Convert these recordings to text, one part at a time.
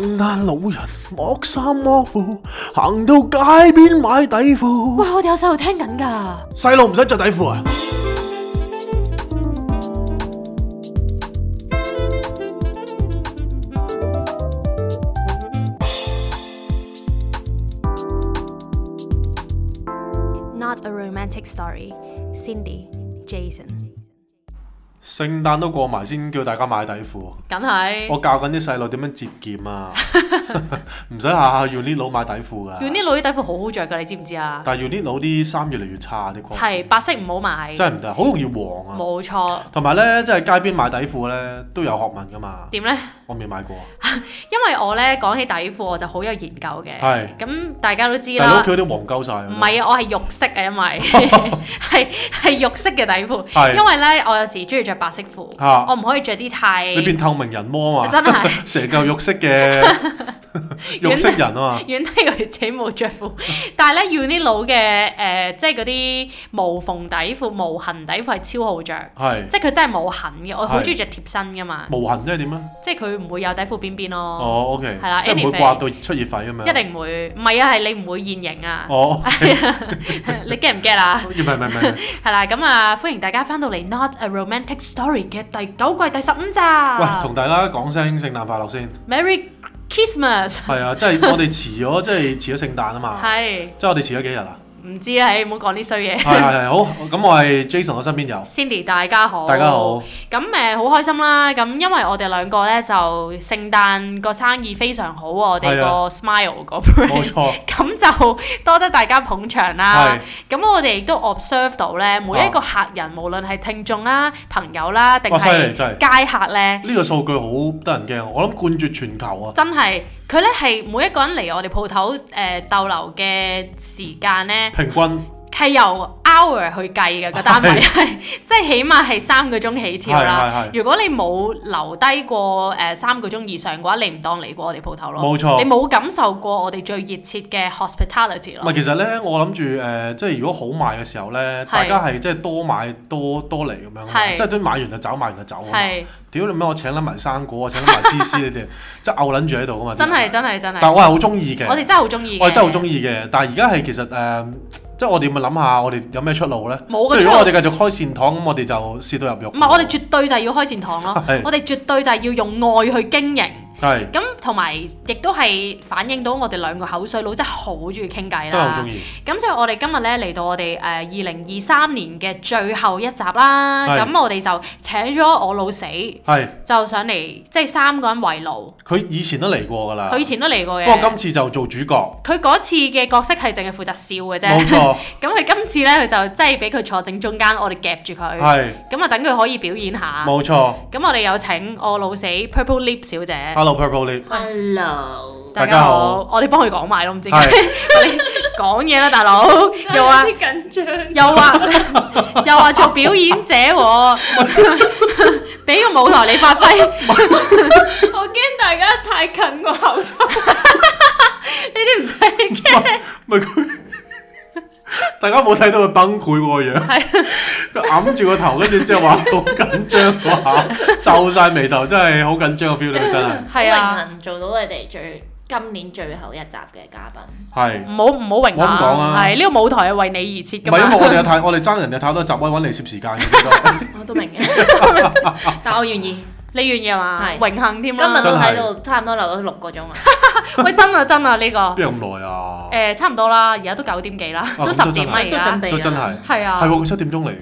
聖誕老人剝衫剝褲，行到街邊買底褲。喂，我哋有細路聽緊㗎，細路唔使着底褲啊。Not a romantic story. Cindy, Jason. 聖誕都過埋先叫大家買底褲，緊係，我教緊啲細路點樣節儉啊！ 唔使下下用啲佬買底褲噶，用啲佬啲底褲好好着噶，你知唔知啊？但係用啲佬啲衫越嚟越差啲光，係白色唔好買，真係唔得，好容易黃啊！冇、嗯、錯，同埋咧，即、就、係、是、街邊買底褲咧都有學問噶嘛？點咧？我未買過， 因為我咧講起底褲我就好有研究嘅，係咁是大家都知啦。佢都黃鳩晒。唔係啊！我係肉色啊，因為係係肉色嘅底褲， 因為咧我有時中意着白色褲，我唔可以着啲太，你變透明人摸啊，真係成嚿肉色嘅。.肉色人，遠睇佢，似冇著褲，但係呢要啲老嘅，即係嗰啲，無縫底褲，無痕底褲，超好著，即係佢真係無痕。 肉笑遠得，遠得以為自己沒穿褂笑 Christmas 係 啊，即係我哋遲咗，即係遲咗聖誕啊嘛。係，即係我哋遲咗幾日啊？唔知咧，唉，唔好講啲衰嘢。係係係，好，咁我係 Jason，我身邊有 Cindy，大家好，大家好。咁誒，好開心啦！咁因為我哋兩個咧，就聖誕個生意非常好喎，我哋個 Smile 個 Brand，冇錯。咁就多得大家捧場啦。咁我哋亦都 observe 到咧，每一個客人，無論係聽眾啦、朋友啦，定係街客咧，呢個數據好得人驚，我諗冠絕全球啊！真係。佢咧係每一個人嚟我哋鋪頭誒、呃、逗留嘅時間咧，平均係由 hour 去計嘅是的 個單位，係即係起碼係三個鐘起跳啦。是的是的，如果你冇留低過誒三個鐘以上嘅話，你唔當嚟過我哋鋪頭咯。冇沒錯，你冇感受過我哋最熱切嘅 hospitality 咯。唔係，其實咧，我諗住誒，即係如果好賣嘅時候咧，是的 大家係即係多買多多嚟咁樣，即係都買完就走，買完就走。係。是的 屌你咩？我請撚埋生果，我請撚埋芝士， 你哋即係牛撚住喺度啊嘛！真係真係真係。但我係好中意嘅。我哋真係好中意。我真係好中意嘅。但係而家係其實誒、呃，即係我哋咪諗下，我哋有咩出路咧？冇嘅出路。如果我哋繼續開善堂，咁我哋就試到入肉。唔係，我哋絕對就係要開善堂咯。是我哋絕對就係要用愛去經營。係咁，同埋是亦都係反映到我哋兩個口水佬真係好中意傾偈啦。真係好中意。咁所以我哋今日咧嚟到我哋誒二零二三年嘅最後一集啦。咁是我哋就請咗我老死，係是就上嚟即係三個人圍爐。佢以前都嚟過噶啦。佢以前都嚟過嘅。不過今次就做主角。佢嗰次嘅角色係淨係負責笑嘅啫。咁佢錯 今次咧，佢就即係俾佢坐正中間，我哋夾住佢。係是。咁啊，等佢可以表演下。冇錯。咁錯我哋有請我老死 Purple Lip 小姐。Hello，大家好，家好我哋幫佢講埋咯，唔知講嘢啦，大佬又話緊張， 又話又話做表演者，喔，俾 個舞台你發揮，我驚大家太近我口臭。呢啲唔使驚。大家冇睇到佢崩潰個樣，佢揞住個頭，跟住即係話好緊張，話皺晒眉頭，真係好緊張個 feel 咧，真係。係啊，好榮幸做到你哋最今年最後一集嘅嘉賓，係，唔好唔好榮幸啊，我咁講啊，係呢個舞台係為你而設。唔係，因為我哋有太，我哋爭人哋太多集，我揾你嚟攝時間。我都明嘅，但我願意。呢樣嘢嘛，榮幸添啦！今日都喺度差唔多留咗六個鐘啊！喂，真啊真啊呢個！邊有咁耐啊？誒，差唔多啦，而家都九點幾啦，都十點啦，都準備啦，真係係啊！係喎，七點鐘嚟喎。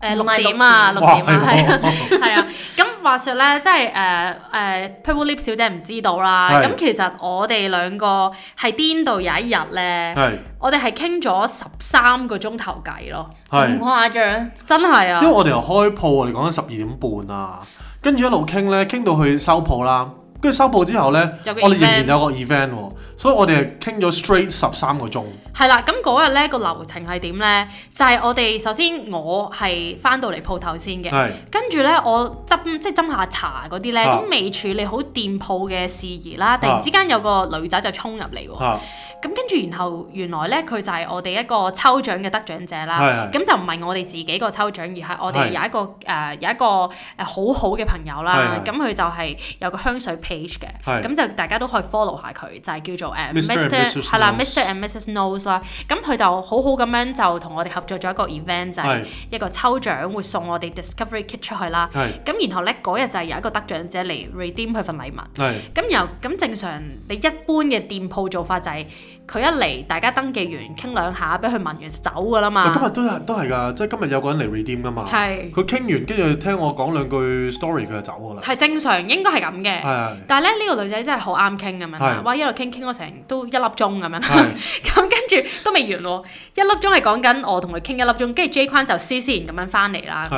誒，六點啊，六點係啊。咁話說咧，即係誒誒 Purple Lip 小姐唔知道啦。咁其實我哋兩個係癲到有一日咧，我哋係傾咗十三個鐘頭計咯，唔誇張，真係啊！因為我哋又開鋪，我哋講緊十二點半啊。跟住一路傾咧，傾到去收鋪啦。跟住收鋪之後咧，我哋仍然有個 event 喎，所以我哋係傾咗 straight 十三個鐘。係啦，咁嗰日咧，個流程係點咧？就係、係、我哋首先我係翻到嚟鋪頭先嘅，跟住咧我斟即係斟下茶嗰啲咧，都未處理好店鋪嘅事宜啦。突然之間有個女仔就衝入嚟喎。係咁跟住，然後原來咧，佢就係我哋一個抽獎嘅得獎者啦。咁就唔係我哋自己個抽獎，而係我哋有一個誒有一個誒好好嘅朋友啦。咁佢就係有個香水 page 嘅，咁就大家都可以 follow 下佢，就係叫做誒 Mr 係啦，Mr and Mrs Nose 啦。咁佢就好好咁樣就同我哋合作咗一個 event，就係一個抽獎會送我哋 Discovery Kit 出去啦。咁然後咧嗰日就有一個得獎者嚟 redeem 佢份禮物。咁然後咁正常你一般嘅店鋪做法就係。佢一嚟，大家登記完傾兩下，俾佢問完就走噶啦嘛。今日都係都係噶，即係今日有個人嚟 redeem 噶嘛。係是。佢傾完，跟住聽我講兩句 story，佢就走噶啦。係正常，應該係咁嘅。的但係咧，呢個女仔真係好啱傾咁樣，的哇，一路傾傾咗成都一粒鐘咁樣，咁跟住都未完喎，一粒鐘係講緊我同佢傾一粒鐘，跟住 J 冠就黐黐然咁樣翻嚟啦。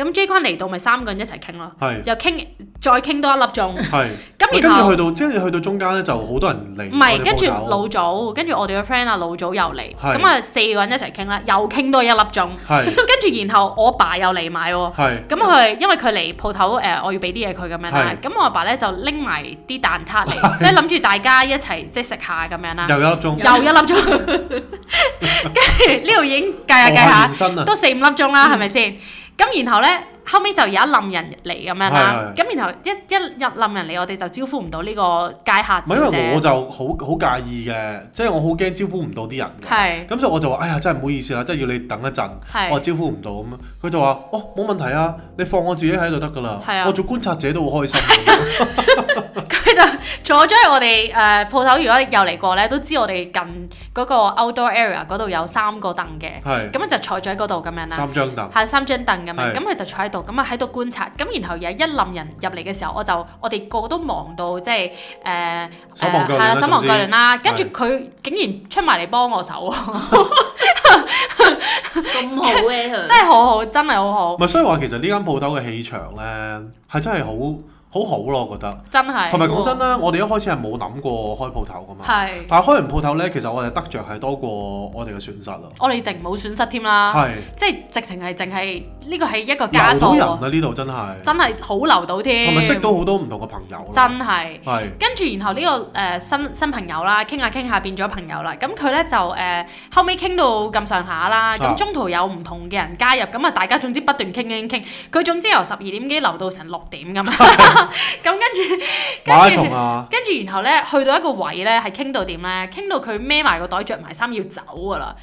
咁 J 君嚟到咪三個人一齊傾咯，又傾再傾多一粒鐘。咁然後跟住去到即係去到中間咧，就好多人嚟。唔係，跟住老早，跟住我哋嘅 friend 啊，老早又嚟。咁啊，四個人一齊傾啦，又傾多一粒鐘。跟住然後我爸又嚟買喎。咁佢因為佢嚟鋪頭誒，我要俾啲嘢佢咁樣啦。咁我阿爸咧就拎埋啲蛋撻嚟，即係諗住大家一齊即係食下咁樣啦。又一粒鐘，又一粒鐘。跟住呢度已經計下計下，都四五粒鐘啦，係咪先？咁然後咧。後尾就有一冧人嚟咁樣啦，咁然後一一日冧人嚟，我哋就招呼唔到呢個街客。唔係因為我就好好介意嘅，即係我好驚招呼唔到啲人嘅。係。咁所以我就話：哎呀，真係唔好意思啦，即係要你等一陣，我招呼唔到咁樣。佢就話：哦，冇問題啊，你放我自己喺度得㗎啦。係啊。我做觀察者都好開心。係啊。佢就坐咗喺我哋誒鋪頭，如果又嚟過咧，都知我哋近嗰個 outdoor area 嗰度有三個凳嘅。係。咁就坐咗喺嗰度咁樣啦。三張凳。係三張凳咁樣，咁佢就坐度咁啊喺度觀察，咁然後有一冧人入嚟嘅時候，我就我哋個個都忙到即係誒，係、呃、啦手忙腳亂啦，跟住佢竟然出埋嚟幫我手咁好嘅、啊， 真係好好，真係好好。唔係，所以話其實呢間鋪頭嘅氣場呢，係真係好。好好咯，我覺得。真係。同埋講真啦，哦、我哋一開始係冇諗過開鋪頭噶嘛。係是。但係開完鋪頭咧，其實我哋得着係多過我哋嘅損失啊。我哋淨冇損失添啦。係是。即係直情係淨係呢個係一個加數喎。留到人呢度真係。真係好留到添。同埋識到好多唔同嘅朋友。真係。係是。是跟住然後呢、這個誒、呃、新新朋友啦，傾下傾下變咗朋友啦。咁佢咧就誒、呃、後尾傾到咁上下啦。咁中途有唔同嘅人加入，咁啊大家總之不斷傾傾傾。佢總之由十二點幾留到成六點咁啊。是 咁跟住，跟住，跟住，啊、跟然後咧，去到一個位咧，係傾到點咧，傾到佢孭埋個袋，着埋衫要走噶啦，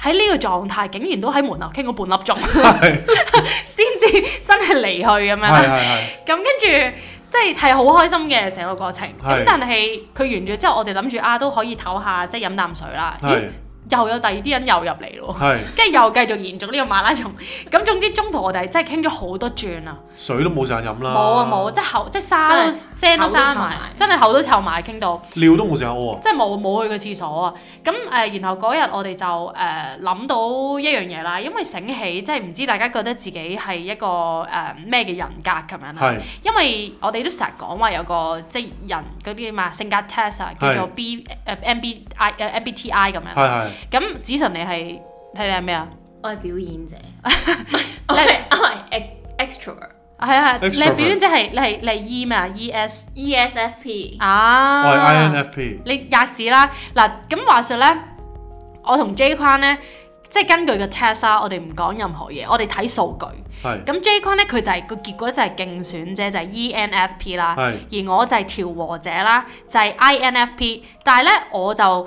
喺呢個狀態，竟然都喺門口傾咗半粒鐘，先至是真係離去咁樣。咁、啊、跟住，即係係好開心嘅成個過程。咁是但係佢完咗之後，我哋諗住啊，都可以唞下，即係飲啖水啦。是又有第二啲人又入嚟咯，係，跟住又繼續延續呢個馬拉松。咁總之中途我哋真係傾咗好多轉啊，水都冇成日飲啦，冇啊冇，即係口即係沙都聲都沙埋，真係口都臭埋，傾到尿都冇成屙啊，即係冇冇去過廁所啊。咁誒，然後嗰日我哋就誒諗到一樣嘢啦，因為醒起即係唔知大家覺得自己係一個誒咩嘅人格咁樣啦，係，因為我哋都成日講話有個即係人嗰啲嘛性格 test 啊，叫做 B 誒 MBI MBTI 咁樣，咁子純你係係你係咩啊？我係表演者，唔係我 extra。係啊係，r 你表演者係你係你係 E 咩啊、e,？ES ESFP 啊，我 INFP。你吔屎啦！嗱咁話説咧，我同 J 框咧，即係根據個 test 啦、啊，我哋唔講任何嘢，我哋睇數據。係是。咁 J 框咧，佢就係、是、個結果就係競選者，就係、是、ENFP 啦。是而我就係調和者啦，就係、是、INFP。但係呢，我就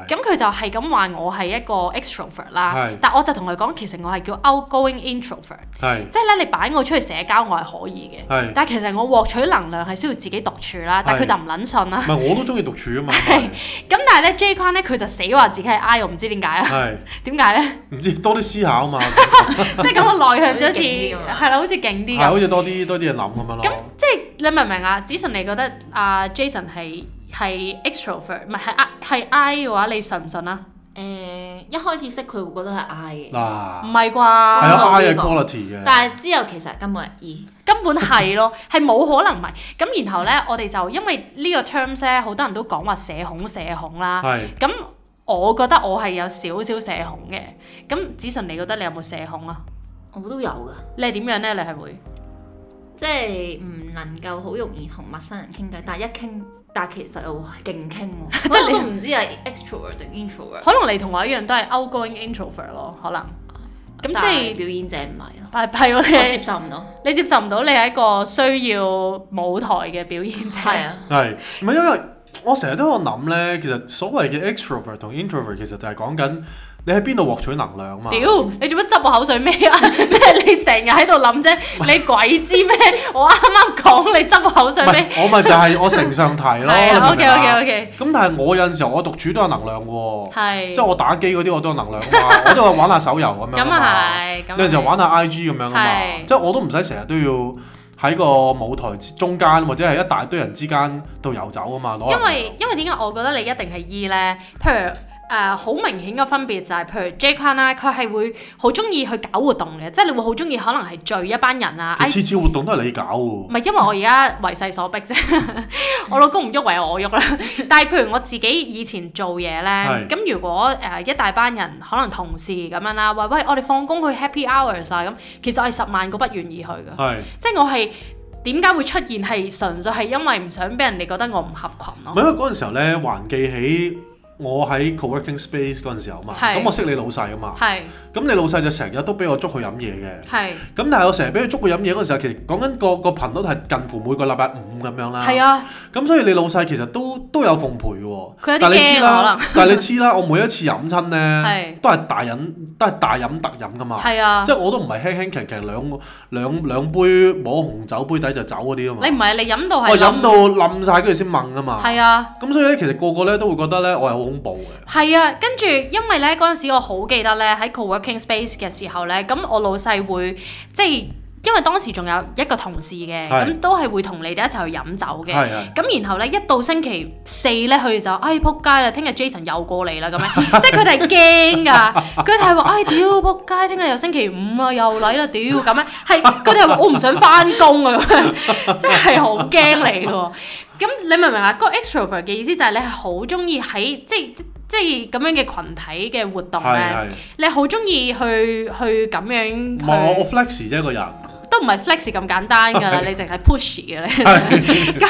咁佢就係咁話我係一個 extrovert 啦，但我就同佢講，其實我係叫 outgoing introvert，即係咧你擺我出去社交我係可以嘅，但其實我獲取能量係需要自己獨處啦。但佢就唔撚信啦。唔係我都中意獨處啊嘛。咁但係咧 J 匡咧佢就死話自己係 I，唔知點解啊？點解咧？唔知多啲思考啊嘛，即係咁我內向就好似，係啦，好似勁啲咁，好似多啲多啲嘢諗咁樣咯。咁即係你明唔明啊？子晨你覺得阿 Jason 係……」係 extrovert，唔係係 I I 嘅話，你信唔信啊？誒、呃，一開始識佢會覺得係 I 嘅，唔係啩？係啊有，I 係、呢個、quality 嘅。但係之後其實根本係 E，根本係咯，係冇 可能唔係。咁然後咧，我哋就因為呢個 terms 咧，好多人都講話社恐、社恐啦。係是。咁我覺得我係有少少社恐嘅。咁子淳，你覺得你有冇社恐啊？我都有噶。你係點樣咧？你係會？即係唔能夠好容易同陌生人傾偈，但係一傾，但係其實又勁傾喎。即係、 嗯、我都唔知係 extrovert 定 introvert。Int 可能你同我一樣都係 outgoing introvert 咯，可能。咁即係表演者唔係，係批我咧。我接受唔到，你接受唔到？你係一個需要舞台嘅表演者。係，係，唔係因為我成日都有諗咧，其實所謂嘅 extrovert 同 introvert 其實就係講緊。嗯你喺邊度獲取能量啊嘛？屌，你做乜執我口水尾啊？咩？ 你成日喺度諗啫，你鬼知咩？我啱啱講你執我口水尾？ 我咪就係我成上提咯。O K O K O K。咁、okay, okay , okay. 但係我有陣時候我獨處都有能量喎。即係是我打機嗰啲我都有能量， 我都話玩下手遊咁樣。咁啊係，有陣時候玩下 I G 咁樣啊是嘛。即、就、係、是、我都唔使成日都要喺個舞台中間或者係一大堆人之間度遊走啊嘛，因，因為因為點解我覺得你一定係 E 呢？譬如。誒好明顯嘅分別就係，譬如 Jian Pan 啦，佢係會好中意去搞活動嘅，即係你會好中意可能係聚一班人啊。你次次活動都係你搞㗎喎？唔係因為我而家為勢所逼啫，我老公唔喐，唯有我喐啦。但係譬如我自己以前做嘢咧，咁如果誒一大班人可能同事咁樣啦，話喂，我哋放工去 Happy Hours 啊咁，其實我係十萬個不願意去嘅。係即係我係點解會出現係純粹係因為唔想俾人哋覺得我唔合羣咯。唔係因為嗰陣時候咧，還記起。我喺 co-working space 陣時候啊嘛，咁我識你老細啊嘛，咁你老細就成日都俾我捉去飲嘢嘅，咁但係我成日俾佢捉去飲嘢嗰陣時候，其實講緊個個頻率係近乎每個禮拜五咁樣啦，咁所以你老細其實都都有奉陪喎，但係你知啦，但係你知啦，我每一次飲親咧，都係大飲，都係大飲特飲噶嘛，即係我都唔係輕輕騎騎兩兩兩杯摸紅酒杯底就走嗰啲啊嘛，你唔係你飲到係，我飲到冧晒跟住先問啊嘛，咁所以咧其實個個咧都會覺得咧我係好。公布嘅係啊，跟住因為咧嗰陣時我好記得咧喺 co-working space 嘅時候咧，咁我老細會即係因為當時仲有一個同事嘅，咁的都係會同你哋一齊去飲酒嘅。咁的然後咧一到星期四咧，佢哋就唉、哎、仆街啦，聽日 Jason 又過嚟啦，咁樣 即係佢哋係驚噶，佢哋係話唉屌仆街，聽日又星期五啊，又嚟啦屌咁樣，係佢哋話我唔想翻工啊，咁樣真係好驚你噶。 咁你明唔明啊？嗰、那個 extrovert 嘅意思就係你係好中意喺即係即係咁樣嘅群體嘅活動咧，是是你好中意去去咁樣。唔係我 flex 啫，個人都唔係 flex 咁簡單㗎啦，是的 你淨係 pushy 嘅。咧。咁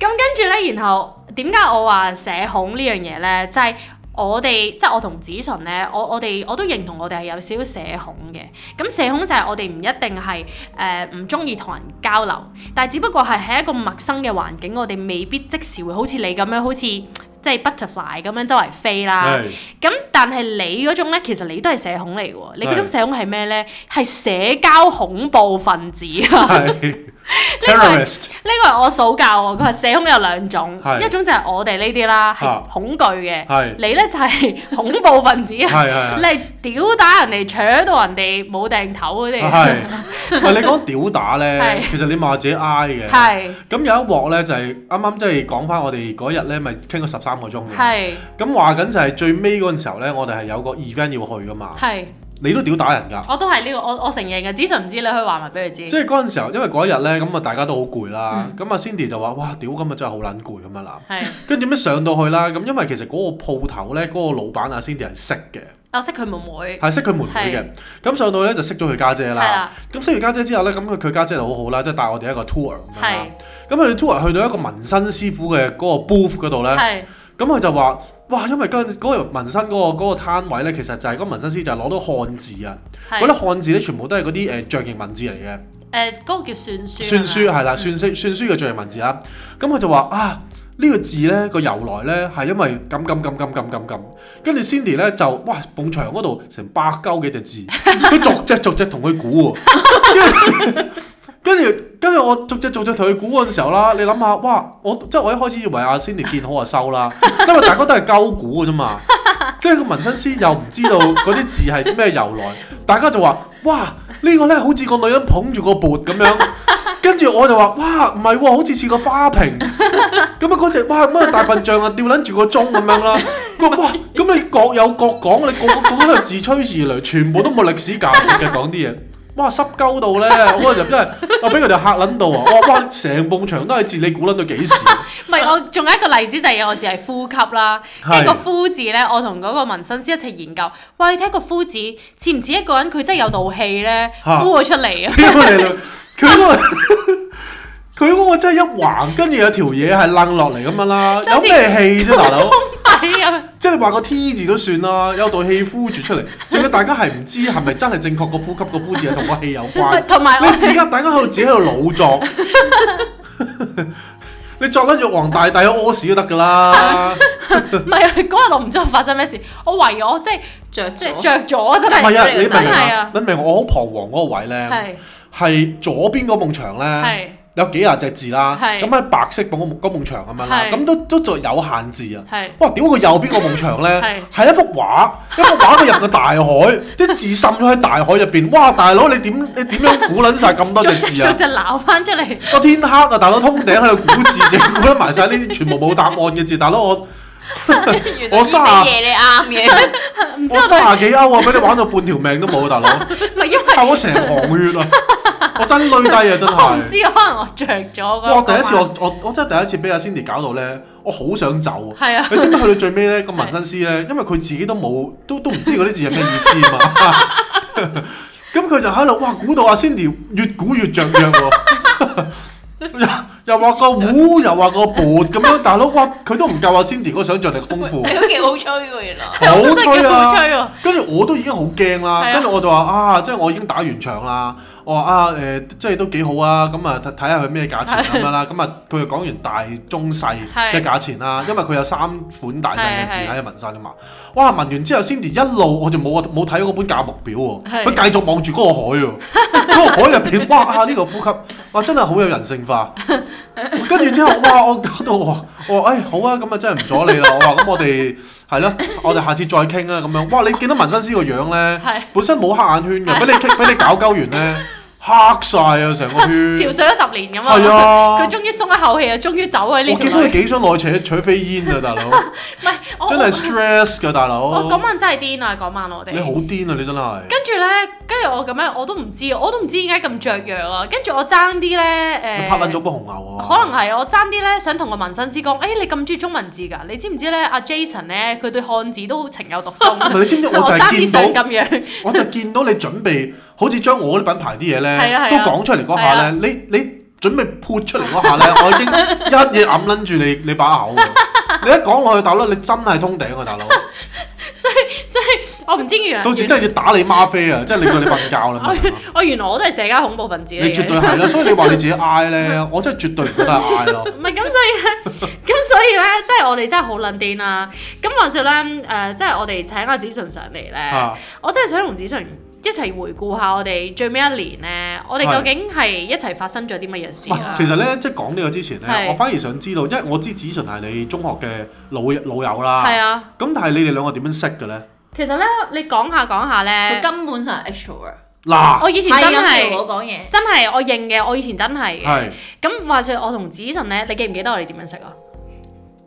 咁跟住咧，然後點解我話社恐呢樣嘢咧？就係、是。我哋即係我同子純咧，我我哋我都認同我哋係有少少社恐嘅。咁社恐就係我哋唔一定係誒唔中意同人交流，但係只不過係喺一個陌生嘅環境，我哋未必即時會好似你咁樣，好似即係 butterfly 咁樣周圍飛啦。咁是但係你嗰種咧，其實你都係社恐嚟嘅喎。你嗰種社恐係咩咧？係是社交恐怖分子啊！是 呢個呢個係我嫂教我，佢話社恐有兩種，是一種就係我哋呢啲啦，係恐懼嘅，啊、你呢就係、是、恐怖分子， 是你係屌打人哋，搶到人哋冇定頭嗰啲。係是 你講屌打呢？是其實你罵自己 I 嘅。係咁是有一鑊呢，就係啱啱即係講翻我哋嗰日呢咪傾咗十三個鐘嘅。係咁是話緊就係最尾嗰陣時候呢，我哋係有個 event 要去噶嘛。係。你都屌打人㗎？我都係呢個，我我承認嘅。紫純唔知你可以話埋俾佢知。即係嗰陣時候，因為嗰一日咧，咁啊大家都好攰啦。咁阿、嗯、Cindy 就話，哇，屌，咁啊真係好撚攰咁樣啦。跟住點樣上到去啦？咁因為其實嗰個鋪頭咧，嗰個老闆阿 Cindy 係識嘅。我、啊、識佢妹妹。係識佢妹妹嘅。咁是上到去咧就識咗佢家姐啦。咁、啊、識完家姐之後咧，咁佢佢家姐就好好啦，即係帶我哋一個 tour 咁樣啦、啊。咁佢 tour 去到一個紋身師傅嘅嗰個 booth 嗰度咧。咁佢、啊、是就話。哇！因為嗰陣嗰紋身嗰個嗰、那個那個、攤位咧，其實就係嗰個紋身師就攞到漢字啊！嗰啲漢字咧，全部都係嗰啲誒象形文字嚟嘅。誒、呃，嗰、那個叫算書。算書係啦吧，算式算書嘅象形文字、嗯嗯、啊！咁佢就話啊，呢個字咧個由來咧係因為咁咁咁咁咁咁咁，跟住 Cindy 咧就哇，埲牆嗰度成百鳩幾隻字，佢逐，逐隻逐隻同佢估喎。 續續續續跟住，跟住我逐隻逐隻同佢估嗰陣時候啦，你諗下，哇！我即係我一開始以為阿 Sindy 見好就收啦，因為大家都係鳩估嘅啫嘛，即係個紋身師又唔知道嗰啲字係咩由來，大家就話：哇！這個、呢個咧好似個女人捧住個缽咁樣，跟住我就話：哇，唔係、啊，好似似個花瓶咁啊！嗰、嗯、隻、那個、哇乜、那個、大笨象啊，吊撚住個鐘咁樣啦，哇！咁你各有各講，你各各都係自吹自擂，全部都冇歷史價值嘅講啲嘢。哇濕鳩到咧，嗰陣就真係我俾佢哋嚇撚到啊！哇 哇，成埲牆都係字，你估撚到幾時？唔係，我仲有一個例子就係、是、我字係呼吸啦。是一個呼字咧，我同嗰個紋身師一齊研究。喂，你睇個呼字似唔似一個人？佢真係有道氣咧， 呼咗出嚟啊！佢嗰、那個佢嗰 個真係一橫，跟住 有條嘢係攆落嚟咁樣啦。有咩氣啫，大佬？ 即係你話個 T 字都算啦，有道氣呼住出嚟。仲要大家係唔知係咪真係正確個呼吸，呼吸個呼字係同個氣有關。同埋有你自家大家喺度自己喺度腦作， 你作甩玉皇大帝屙屎都得噶啦。唔係嗰日我唔知道發生咩事，我唯我即係着即着咗真係。唔係啊，你明唔明啊？你明 我好彷徨嗰個位咧，係是左邊嗰埲牆咧。有幾廿隻字啦，咁喺是白色嗰個木嗰牆咁樣啦，咁都都做有限字啊。是哇！點解佢右邊個木牆咧，係是一幅畫，一幅畫佢入嘅大海，啲 字滲咗喺大海入邊。哇！大佬你點你點樣估撚晒咁多隻字啊？仲想鬧翻出嚟？個天黑啊！大佬，通頂喺度估字嘅，估得埋晒呢啲全部冇答案嘅字。大佬我。 我卅幾嘅啱嘅，我卅幾歐啊，俾你玩到半條命都冇啊，大佬。唔係 因為，我成行血啊， 我真累低啊，真係。 我唔知可能我着咗。哇，第一次我我我真係第一次俾阿 Cindy 搞到咧，我好想走。係啊，你知唔知去到最尾咧？個紋身師咧，因為佢自己都冇，都都唔知嗰啲字係咩意思啊嘛。咁 佢、嗯、就喺度哇，估到阿 Cindy 越估越着樣喎。 又又話個壺，又話個盤咁樣，大佬哇，佢都唔夠阿 Cindy 嗰想像力豐富，你都幾好吹喎原來，好吹 啊！跟住 我、啊、我都已經好驚啦，跟住、啊、我就話啊，即係我已經打完場啦。我話啊誒，即係都幾好啊，咁啊睇下佢咩價錢咁樣啦，咁啊佢就講完大中細嘅價錢啦，是的 因為佢有三款大細嘅字喺度紋㗎嘛。是的 哇，紋完之後先至一路我就冇冇睇嗰本價目表喎，佢是的 繼續望住嗰個海啊，嗰 個海入邊哇啊呢、呢個呼吸哇真係好有人性化。跟住之後哇我搞到我我誒、哎、好啊，咁、嗯、啊真係唔阻你咯，我話咁我哋係咯，我哋下次再傾啊咁樣。哇你見到紋身師個樣咧， 本身冇黑眼圈嘅，俾你俾你搞鳩完咧。 黑晒啊！成個圈憔悴咗十年咁啊呀！佢 終於鬆一口氣啊！終於走喺呢條。我見到你幾想內扯取飛煙啊，大佬！唔係，真係 stress 嘅大佬。我嗰晚真係癲啊！嗰晚我哋你好癲啊！你真係。跟住咧，跟住我咁樣，我都唔知，我都唔知點解咁雀躍啊！跟住我爭啲咧，誒拍爛咗部紅牛喎。可能係我爭啲咧，想同個紋身師講：，誒、哎，你咁中意中文字㗎？你知唔知咧？阿、啊、Jason 咧，佢對漢字都好情有獨鍾。唔係 你知唔知我我？我爭啲想咁樣，我就見到你準備。好似將我啲品牌啲嘢咧，都講出嚟嗰下咧，你你準備潑出嚟嗰下咧，我已經一嘢揞撚住你，你把口。你一講落去大佬，你真係通頂啊大佬！所以所以，我唔知原來到時真係要打你嗎啡啊！真係令到你瞓覺啦！我原來我都係社交恐怖分子。你絕對係啦，所以你話你自己嗌咧，我真係絕對唔覺得係嗌咯。唔係咁，所以咧，咁所以咧，即係我哋真係好撚癲啦。咁話説咧，誒，即係我哋請阿子純上嚟咧，我真係想同子純。一齊回顧下我哋最尾一年咧，是我哋究竟係一齊發生咗啲乜嘢事啊？其實咧，即係講呢個之前咧，是我反而想知道，因為我知子純係你中學嘅老老友啦。係啊。咁但係你哋兩個點樣識嘅咧？其實咧，你講下講下咧，佢根本上係 H 同學。嗱，我以前真係是我講嘢，真係我認嘅，我以前真係。係。咁話説我同子純咧，你記唔記得我哋點樣識啊？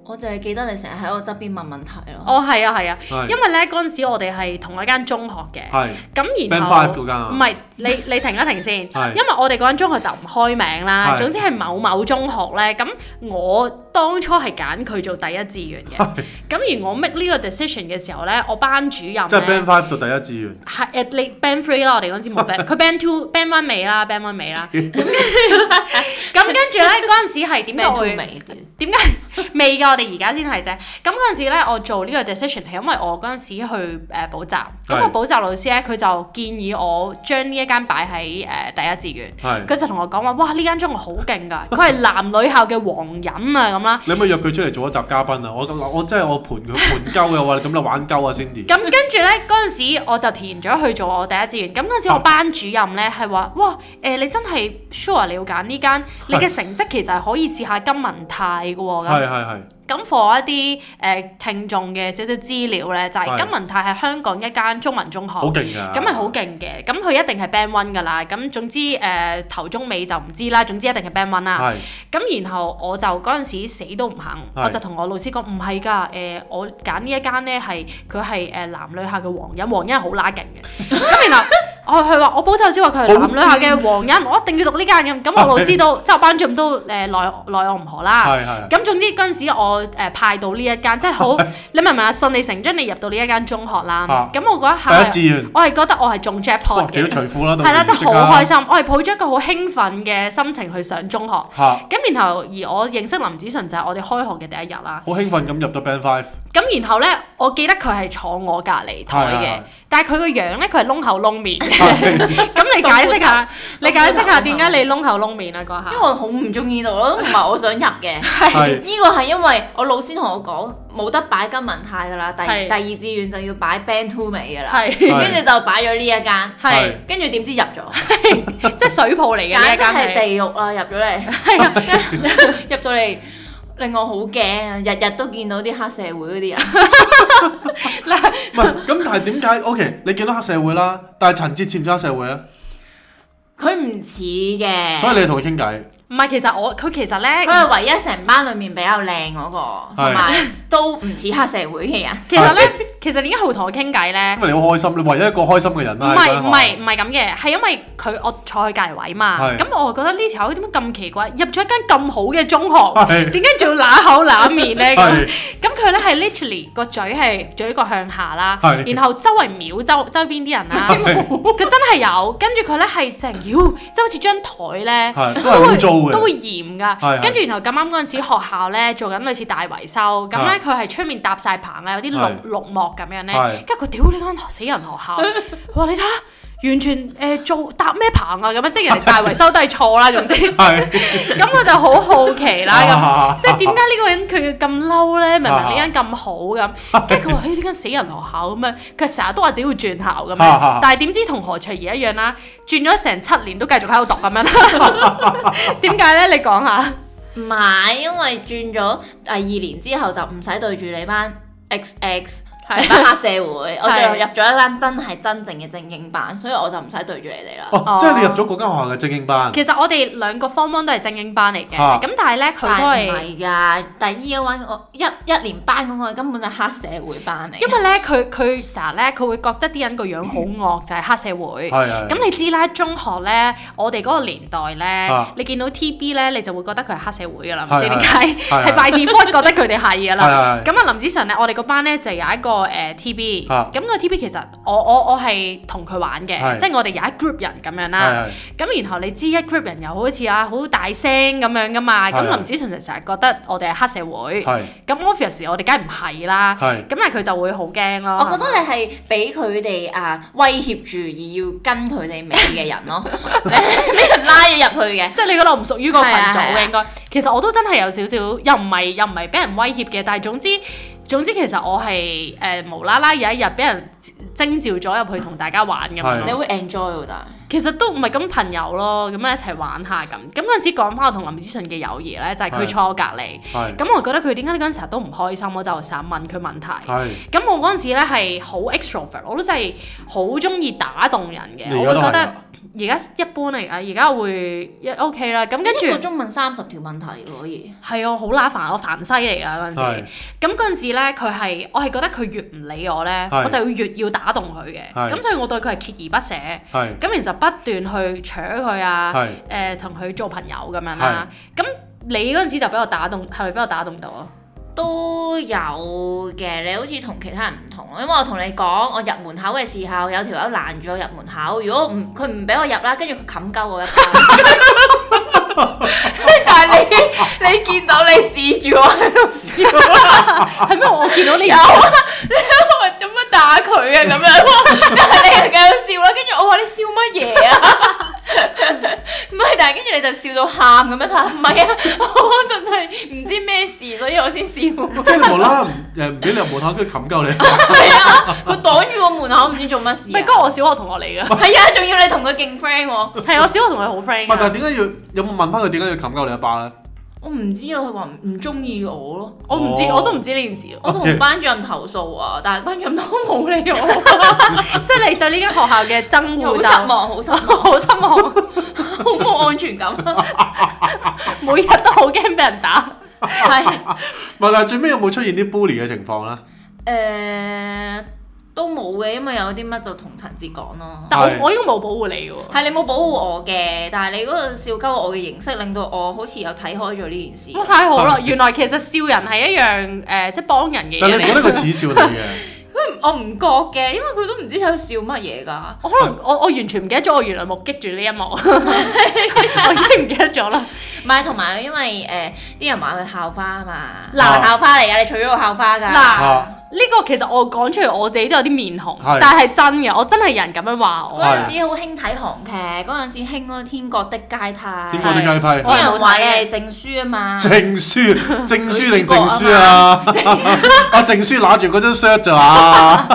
我就係記得你成日喺我側邊問問題咯。哦，係啊，係啊，是因為咧，嗰陣時我哋係同一間中學嘅。咁是然後。Band 5嗰間啊。唔係、啊，你你停一停先， 是因為我哋嗰間中學就唔開名啦，是總之係某某中學咧。咁我。當初係揀佢做第一志願嘅，咁是而我 make 呢個 decision 嘅時候咧，我班主任即係 Band Five 到第一志願。係你 Band Three 啦。我哋嗰陣時冇 band，佢 Band Two、Band One 尾啦，Band One 尾啦。咁跟住咧嗰陣時係點解會？點解未嘅？我哋而家先係啫。咁嗰陣時咧，我做呢個 decision 係因為我嗰陣時去誒、呃、補習，咁個是補習老師咧佢就建議我將呢一間擺喺誒第一志願。佢是就同我講話，哇！呢間中文好勁㗎，佢係男女校嘅皇仁啊咁。 你咪約佢出嚟做一集嘉賓啊！我我,我真係我盤佢盤鳩我話咁你玩鳩啊先。Cindy 咁跟住咧嗰陣時我就填咗去做我第一志願。咁嗰陣時我班主任咧係話哇誒、呃、你真係 sure 你要揀呢間，是你嘅成績其實係可以試下金文泰㗎。係係係。是是是咁放一啲誒聽眾嘅少少資料咧，就係金文泰係香港一間中文中學，好勁㗎，咁係好勁嘅，咁佢一定係 Band One 噶啦。咁總之誒頭中尾就唔知啦，總之一定係 Band One 啦。咁然後我就嗰陣時死都唔肯，我就同我老師講唔係㗎，誒我揀呢一間咧係佢係誒男女校嘅黃人。黃欣係好拉勁嘅。咁然後我係話我補習先話佢係男女校嘅黃人。」我一定要讀呢間咁。咁我老師都即係我班主任都誒奈奈我唔何啦。係。咁總之嗰陣時我。誒派到呢一間，即係好， 你明唔明啊？順理成章你入到呢一間中學啦。咁、啊、我嗰一下我，一次我係覺得我係中 Jackpot 嘅，幾多財啦都係啦，即係好開心。啊、我係抱咗一個好興奮嘅心情去上中學，咁、啊、然後而我認識林子淳就係我哋開學嘅第一日啦。好、啊嗯、興奮咁入到 Band Five。咁然後咧，我記得佢係坐我隔離台嘅，但係佢個樣咧，佢係窿口窿面。咁你解釋下，你解釋下點解你窿口窿面啊？嗰下因為我好唔中意度，我都唔係我想入嘅。呢個係因為我老師同我講，冇得擺金文泰噶啦，第第二志願就要擺 Band Two 尾噶啦，跟住就擺咗呢一間。跟住點知入咗，即係水泡嚟嘅簡直係地獄啦！入咗嚟，入咗嚟。令我好驚啊！日日都見到啲黑社會嗰啲人。唔係咁，但係點解？OK，你見到黑社會啦，但係陳捷似唔似黑社會啊？佢唔似嘅。所以你同佢傾偈。 唔係，其實我佢其實咧，佢係唯一成班裏面比較靚嗰個，同都唔似黑社會嘅人。其實咧，其實點解好同我傾偈咧？因為你好開心，你唯一一個開心嘅人啦。唔係唔係唔係咁嘅，係因為佢我坐喺隔離位嘛。咁我覺得呢條友點解咁奇怪？入咗間咁好嘅中學，點解仲要揦口揦面咧？咁咁佢咧係 literally 個嘴係嘴角向下啦，然後周圍秒周周邊啲人啦，佢真係有。跟住佢咧係成妖，即好似張台咧，都會都會嫌㗎，跟住是的 然後咁啱嗰陣時學校呢，做緊類似大維修，咁呢，佢係出面搭晒棚啊，有啲綠綠幕咁樣呢。跟住佢屌，你間死人學校，我話 你睇下。完全誒、呃、做搭咩棚啊咁樣，即係人哋大維修都係錯啦，總之。係。咁我就好好奇啦，咁即係點解呢個人佢咁嬲咧？ 明明呢間咁好咁，跟住佢話： 哎，呢間死人學校咁樣。佢成日都話自己要轉校嘅嘛，但係點知同何卓儀一樣啦，轉咗成七年都繼續喺度讀咁樣。點解咧？你講下。唔係， 因為轉咗第二年之後就唔使對住你班 X X。係黑社會，我仲入咗一間真係真正嘅精英班，所以我就唔使對住你哋啦。哦，即係你入咗嗰間學校嘅精英班。其實我哋兩個 form one 都係精英班嚟嘅，咁但係咧佢唔係㗎，但係 year one，我一一年班嗰個根本就係黑社會班嚟。因為咧，佢佢成日咧，佢會覺得啲人個樣好惡，就係黑社會。咁你知啦，中學咧，我哋嗰個年代咧，你見到 TB 咧，你就會覺得佢係黑社會噶啦，唔知點解係快點覺得佢哋係噶啦。咁啊，林子祥咧，我哋個班咧就有一個。TV, 啊、個 T.B. 咁個 T.B. 其實我我我係同佢玩嘅，即係是我哋有一 group 人咁樣啦。咁的然後你知一 group 人又好似啊好大聲咁樣㗎嘛。咁的林子祥就成日覺得我哋係黑社會。咁的 Obviously 我哋梗係唔係啦。咁的但係佢就會好驚咯。我覺得你係俾佢哋啊威脅住而要跟佢哋尾嘅人咯，俾 人拉咗入去嘅。即係你嗰度唔屬於個群組嘅應該。是的是的其實我都真係有少少，又唔係又唔係俾人威脅嘅，但係總之。總之其實我係誒、呃、無啦啦有一日俾人徵召咗入去同大家玩咁，你會 enjoy 噶。但其實都唔係咁朋友咯，咁樣一齊玩一下咁。咁嗰陣時講返我同林之信嘅友誼咧，就係佢坐我隔離，咁是我覺得佢點解嗰陣時都唔開心，我就想問佢問題。咁是我嗰陣時咧係好 extrovert，我都真係好鍾意打動人嘅，啊、我會覺得。而家一般嚟啊，而家會一 OK 啦。咁跟住一個鐘問三十條問題可以。係啊，好乸煩，我煩西嚟噶嗰陣時。咁嗰陣時咧，佢係我係覺得佢越唔理我咧，是我就越要打動佢嘅。咁是所以我對佢係鍥而不捨。係是。咁然後就不斷去搶佢啊，誒是，同佢、呃、做朋友咁樣啦、啊。咁是你嗰陣時就俾我打動，係咪俾我打動到啊？都有嘅，你好似同其他人唔同，因為我同你講，我入門口嘅時候有條友攔住我入門口，如果唔佢唔俾我入啦，跟住佢冚鳩我一巴， 但係你你見到你指住我喺度笑，係咩？ 我見到你有，啊？你做乜打佢啊？咁樣，你又繼續笑啦，跟住我話你笑乜嘢啊？唔係， 但係跟住你就笑到喊咁樣，睇下，唔係啊， 我純粹唔知咩事，所以我先笑。即係無啦，誒，唔畀你無啦，佢冚鳩你。係啊，佢擋住我門口，唔知做乜事啊。喂哥，我小學同學嚟㗎。係啊，仲要，有有要你同佢勁 friend 喎。係我小學同學好 friend。咪但係點解要有冇問返佢點解要冚鳩你阿爸咧？我唔知啊，佢話唔唔中意我咯，我唔知，oh. 我知，知，我都唔知呢件事。我同班主任投訴啊，Okay. 但係班主任都冇理我，即 係 你對呢間學校嘅憎惡、失望、失望 好心、好失望、 好冇安全感， 每日都好驚俾人打。係，唔係最尾有冇出現啲 bully 嘅情況咧？誒、呃。都冇嘅，因為有啲乜就同陳志講咯。但我我應該冇保護你嘅喎。係你冇保護我嘅，但係你嗰個笑鳩我嘅形式，令到我好似有睇開咗呢件事。哇！太好啦，嗯、原來其實笑人係一樣誒、呃，即係幫人嘅嘢。係你 覺得佢似笑你嘅？佢我唔覺嘅，因為佢都唔知喺度笑乜嘢㗎。嗯、我可能我我完全唔記得咗，我原來目擊住呢一幕， 我已經唔記得咗啦。唔係， 同埋因為誒啲、呃、人話佢校花啊嘛，男、啊啊、校花嚟㗎，你娶咗個校花㗎。啊啊呢個其實我講出嚟我自己都有啲面紅，是但係真嘅，我真係有人咁樣話。嗰陣時好興睇韓劇，嗰陣時興嗰個《天國的階梯，天國的階梯。我有人話你係證書啊嘛，證書。證書，證書定證書啊？我、 啊、證書攞住嗰張 shirt 就啊！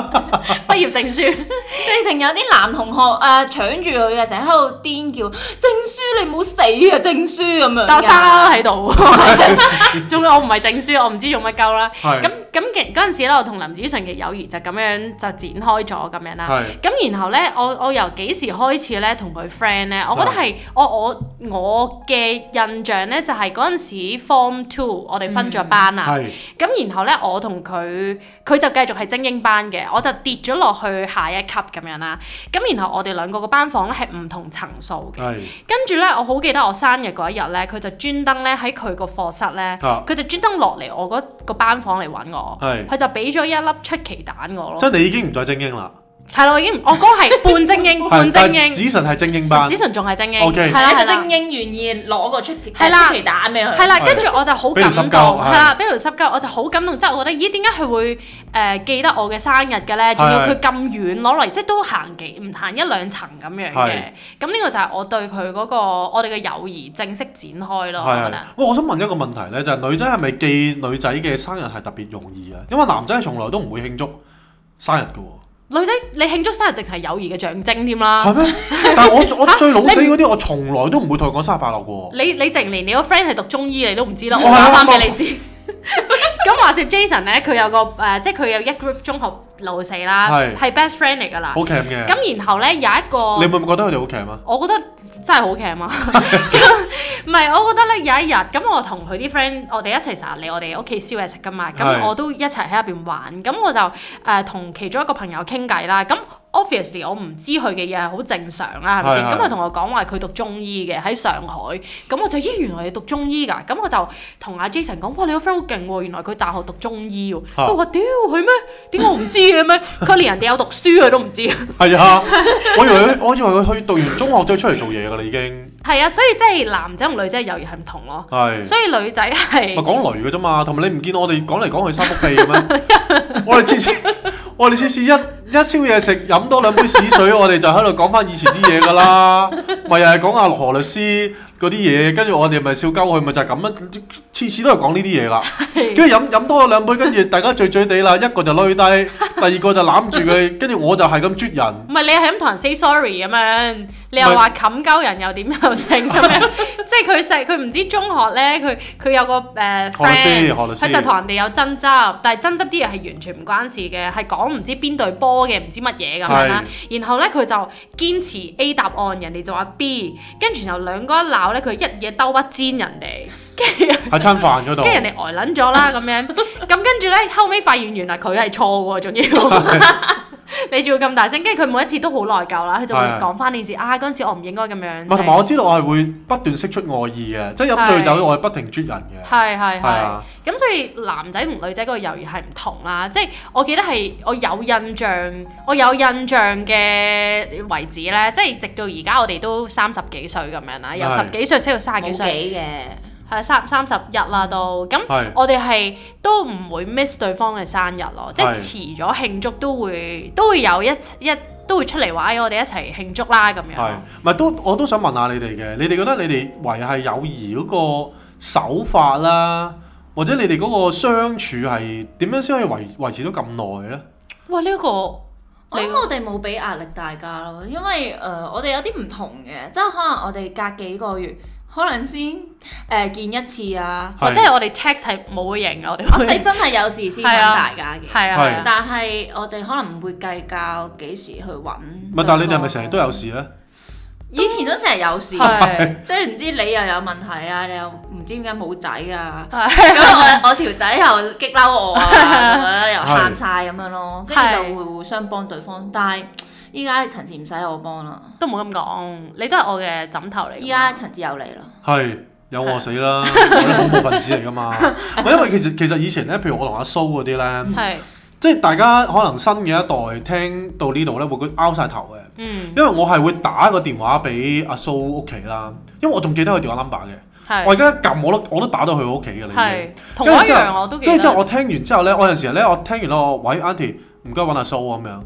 畢 業證書，即係成日有啲男同學啊搶住佢嘅，成日喺度顛叫證書，你冇死啊證書咁樣。但我生啦喺度，仲 有我唔係證書，我唔知用乜鳩啦。咁咁嗰陣時咧。同林子祥嘅友誼就咁樣就展開咗咁樣啦、啊。咁是 然後咧，我我由幾時開始咧同佢 friend 咧？我覺得係是 我我我嘅印象咧，就係嗰陣時 form two，我哋分咗班啦。咁、嗯、然後咧，我同佢佢就繼續係精英班嘅，我就跌咗落去下一級咁樣啦、啊。咁然後我哋兩個個班房咧係唔同層數嘅，是 跟住咧，我好記得我生日嗰一日咧，佢就專登咧喺佢個課室咧，佢是 就專登落嚟我嗰、那個班房嚟搵我。佢是 就俾咗一粒出奇蛋我咯，即係你已經唔再精英啦。係咯，已經我哥係半精英，半精英。子晨係精英班，子晨仲係精英，係啦，佢精英願意攞個出奇，出奇蛋俾佢。係啦，跟住我就好感動，係啦，Billu 濕鳩我就好感動，即係我覺得，咦？點解佢會誒記得我嘅生日嘅咧？仲要佢咁遠攞嚟，即係都行幾唔行一兩層咁樣嘅。咁呢個就係我對佢嗰個我哋嘅友誼正式展開咯。係係，哇！我想問一個問題咧，就係女仔係咪記女仔嘅生日係特別容易啊？因為男仔係從來都唔會慶祝生日嘅喎。女仔，你慶祝生日直情係友誼嘅象徵添啦。係咩嗎？ 但係我我最老死嗰啲，啊、我從來都唔會同佢講生日快樂嘅。你你直情連你個 friend 係讀中醫你都唔知啦， 我講翻俾你知。 咁話説 Jason 咧，佢有個誒、呃，即係佢有一 group 中學老死啦，係是 best friend 嚟噶啦，好強嘅。咁然後咧有一個，你會唔會覺得佢哋好強啊是的 我覺得真係好強啊！唔係，我覺得咧有一日，咁我同佢啲 friend，我哋一齊成日嚟我哋屋企燒嘢食噶嘛，咁是的 我都一齊喺入邊玩，咁我就誒同、呃、其中一個朋友傾偈啦，咁。Obviously 我唔知佢嘅嘢係好正常啦、啊，係咪先？咁佢同我講話佢讀中醫嘅喺上海，咁我就咦原來你讀中醫㗎？咁我就同阿 Jason 講：哇，你個 friend 好勁喎、哦！原來佢大學讀中醫喎，是啊、佢話屌佢咩？點解我唔知嘅咩？佢連人哋有讀書佢都唔知啊！係啊，我以為我以為佢去讀完中學就出嚟做嘢㗎啦已經。係 啊，所以即係男仔同女仔嘅友誼係唔同咯。是所以女仔係。咪講嚟嘅啫嘛，同埋你唔見我哋講嚟講去三幅被咩？我哋之前。我哋次次一一燒嘢食，飲多兩杯屎水，我哋就喺度講翻以前啲嘢噶啦，咪 又係講阿何律師嗰啲嘢，跟住我哋咪笑鳩佢，咪就係咁樣，次次都係講呢啲嘢啦。跟住是的 飲飲多咗兩杯，跟住大家醉醉地啦，一個就攞低，第二個就攬住佢，跟住我就係咁啜人。唔係 你係咁同人 say sorry 咁樣。你又話冚鳩人又點又成咁樣？ 即係佢細佢唔知中學咧，佢佢有個誒 friend，佢就同人哋有爭執，但係爭執啲嘢係完全唔關事嘅，係講唔知邊隊波嘅唔知乜嘢咁樣啦。是然後咧佢就堅持 A 答案，人哋就話 B，跟住然後兩個一鬧咧，佢一嘢兜筆尖人哋，跟住喺餐飯度，跟住 人哋呆撚咗啦咁樣。咁跟住咧後尾發現原來佢係錯喎，仲要。 你仲要咁大聲，跟住佢每一次都好內疚啦，佢就會講翻件事是的 啊，嗰陣時我唔應該咁樣。唔係，同埋我知道我係會不斷釋出愛意嘅，是的 即係飲醉酒我係不停啜人嘅。係係係。咁所以男仔同女仔嗰個猶豫係唔同啦，即係我記得係我有印象，我有印象嘅為止咧，即係直到而家我哋都三十幾歲咁樣啦，是的 由十幾歲識到三十幾嘅。三三十日啦，都咁我哋係都唔會 miss 對方嘅生日咯，是即係遲咗慶祝都會都會有一一都會出嚟玩，我哋一齊慶祝啦咁樣。係，唔係都我都想問下你哋嘅，你哋覺得你哋維係友誼嗰個手法啦，或者你哋嗰個相處係點樣先可以維維持咗咁耐咧？哇！呢一個，我諗我哋冇俾壓力大家咯，因為誒、呃、我哋有啲唔同嘅，即係可能我哋隔幾個月。可能先誒見一次啊，或者係我哋 text 係冇型嘅，我我哋真係有事先講大家嘅。係啊，但係我哋可能唔會計較幾時去揾。唔係，但係你哋係咪成日都有事咧？以前都成日有事，即係唔知你又有問題啊，你又唔知點解冇仔啊。咁我我條仔又激嬲我啊，又喊晒咁樣咯，跟住就會互相幫對方。但係依家陳智唔使我幫啦，都冇咁講。你都係我嘅枕頭嚟。依家陳智有你啦，係有我死啦， 我係恐怖分子嚟噶嘛？唔 因為其實其實以前咧，譬如我同阿蘇嗰啲咧，係是即係大家可能新嘅一代聽到呢度咧，會拗晒頭嘅、嗯。因為我係會打一個電話俾阿蘇屋企啦，因為是我仲記得佢電話 number 嘅。我而家撳我都我都打到佢屋企嘅你係的，同一樣我都記得。之後我聽完之後咧，我有陣時咧，我聽完我喂 Auntie 唔該揾阿蘇咁樣。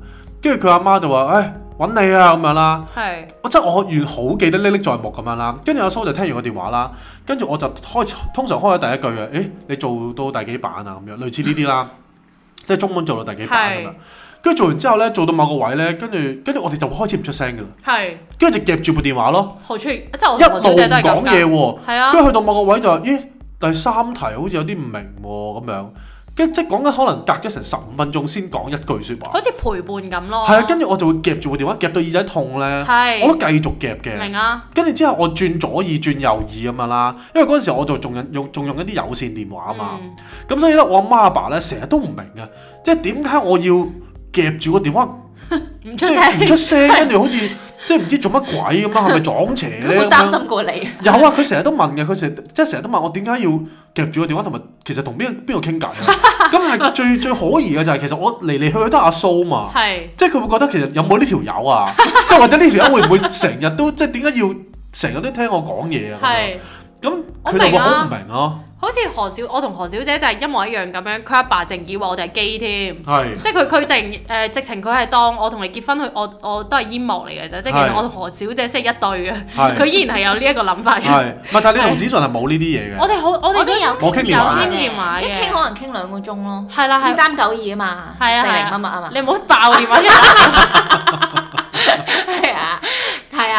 跟住佢阿媽就話，誒、欸，搵你啊，咁樣啦。係是。即我即係我完好記得歷歷在目咁樣啦。跟住阿蘇就聽完個電話啦。跟住我就開通常開咗第一句嘅，誒、欸，你做到第幾版啊？咁樣類似呢啲啦， 即係中文做到第幾版咁樣。跟住是做完之後咧，做到某個位咧，跟住跟住我哋就會開始唔出聲噶啦。係是。跟住就夾住部電話咯。好出意，即係我，我都。一路講嘢喎。係啊。跟住去到某個位就話，咦、欸，第三題好似有啲唔明咁、啊、樣。跟即係講緊，可能隔咗成十五分鐘先講一句説話，好似陪伴咁咯。係啊，跟住我就會夾住個電話，夾到耳仔痛咧。係是，我都繼續夾嘅。明啊！跟住之後我轉左耳轉右耳咁樣啦，因為嗰陣時我就仲用用仲用一啲有線電話啊嘛。咁、嗯、所以咧，我阿媽阿爸咧成日都唔明啊，即係點解我要夾住個電話，即係唔出聲，跟住 好似即係唔知做乜鬼咁啊？係咪撞邪咧？佢 擔心過你。有啊，佢成日都問嘅，佢成即係成日都問我點解要夾住個電話同埋，其實同邊邊個傾偈？咁係、啊、 最最可疑嘅就係、是，其實我嚟嚟去去都係阿蘇嘛，是即係佢會覺得其實有冇呢條友啊？ 即係或者呢條友會唔會成日都即係點解要成日都聽我講嘢啊？咁佢個好明咯，啊，好似何小我同何小姐就係一模一樣咁樣，佢阿爸淨以為我哋係基添，係即係佢佢淨誒直情佢係當我同你結婚去，我我都係煙幕嚟嘅啫，即係其實我同何小姐即係一對嘅，佢是依然係有呢一個諗法嘅。係，唔係但係你同子純係冇呢啲嘢嘅。我哋好，我哋都有傾電話一傾可能傾兩個鐘咯。係啦，啊，係三九二啊嘛，係啊，係啊嘛，你唔好爆電話。係啊。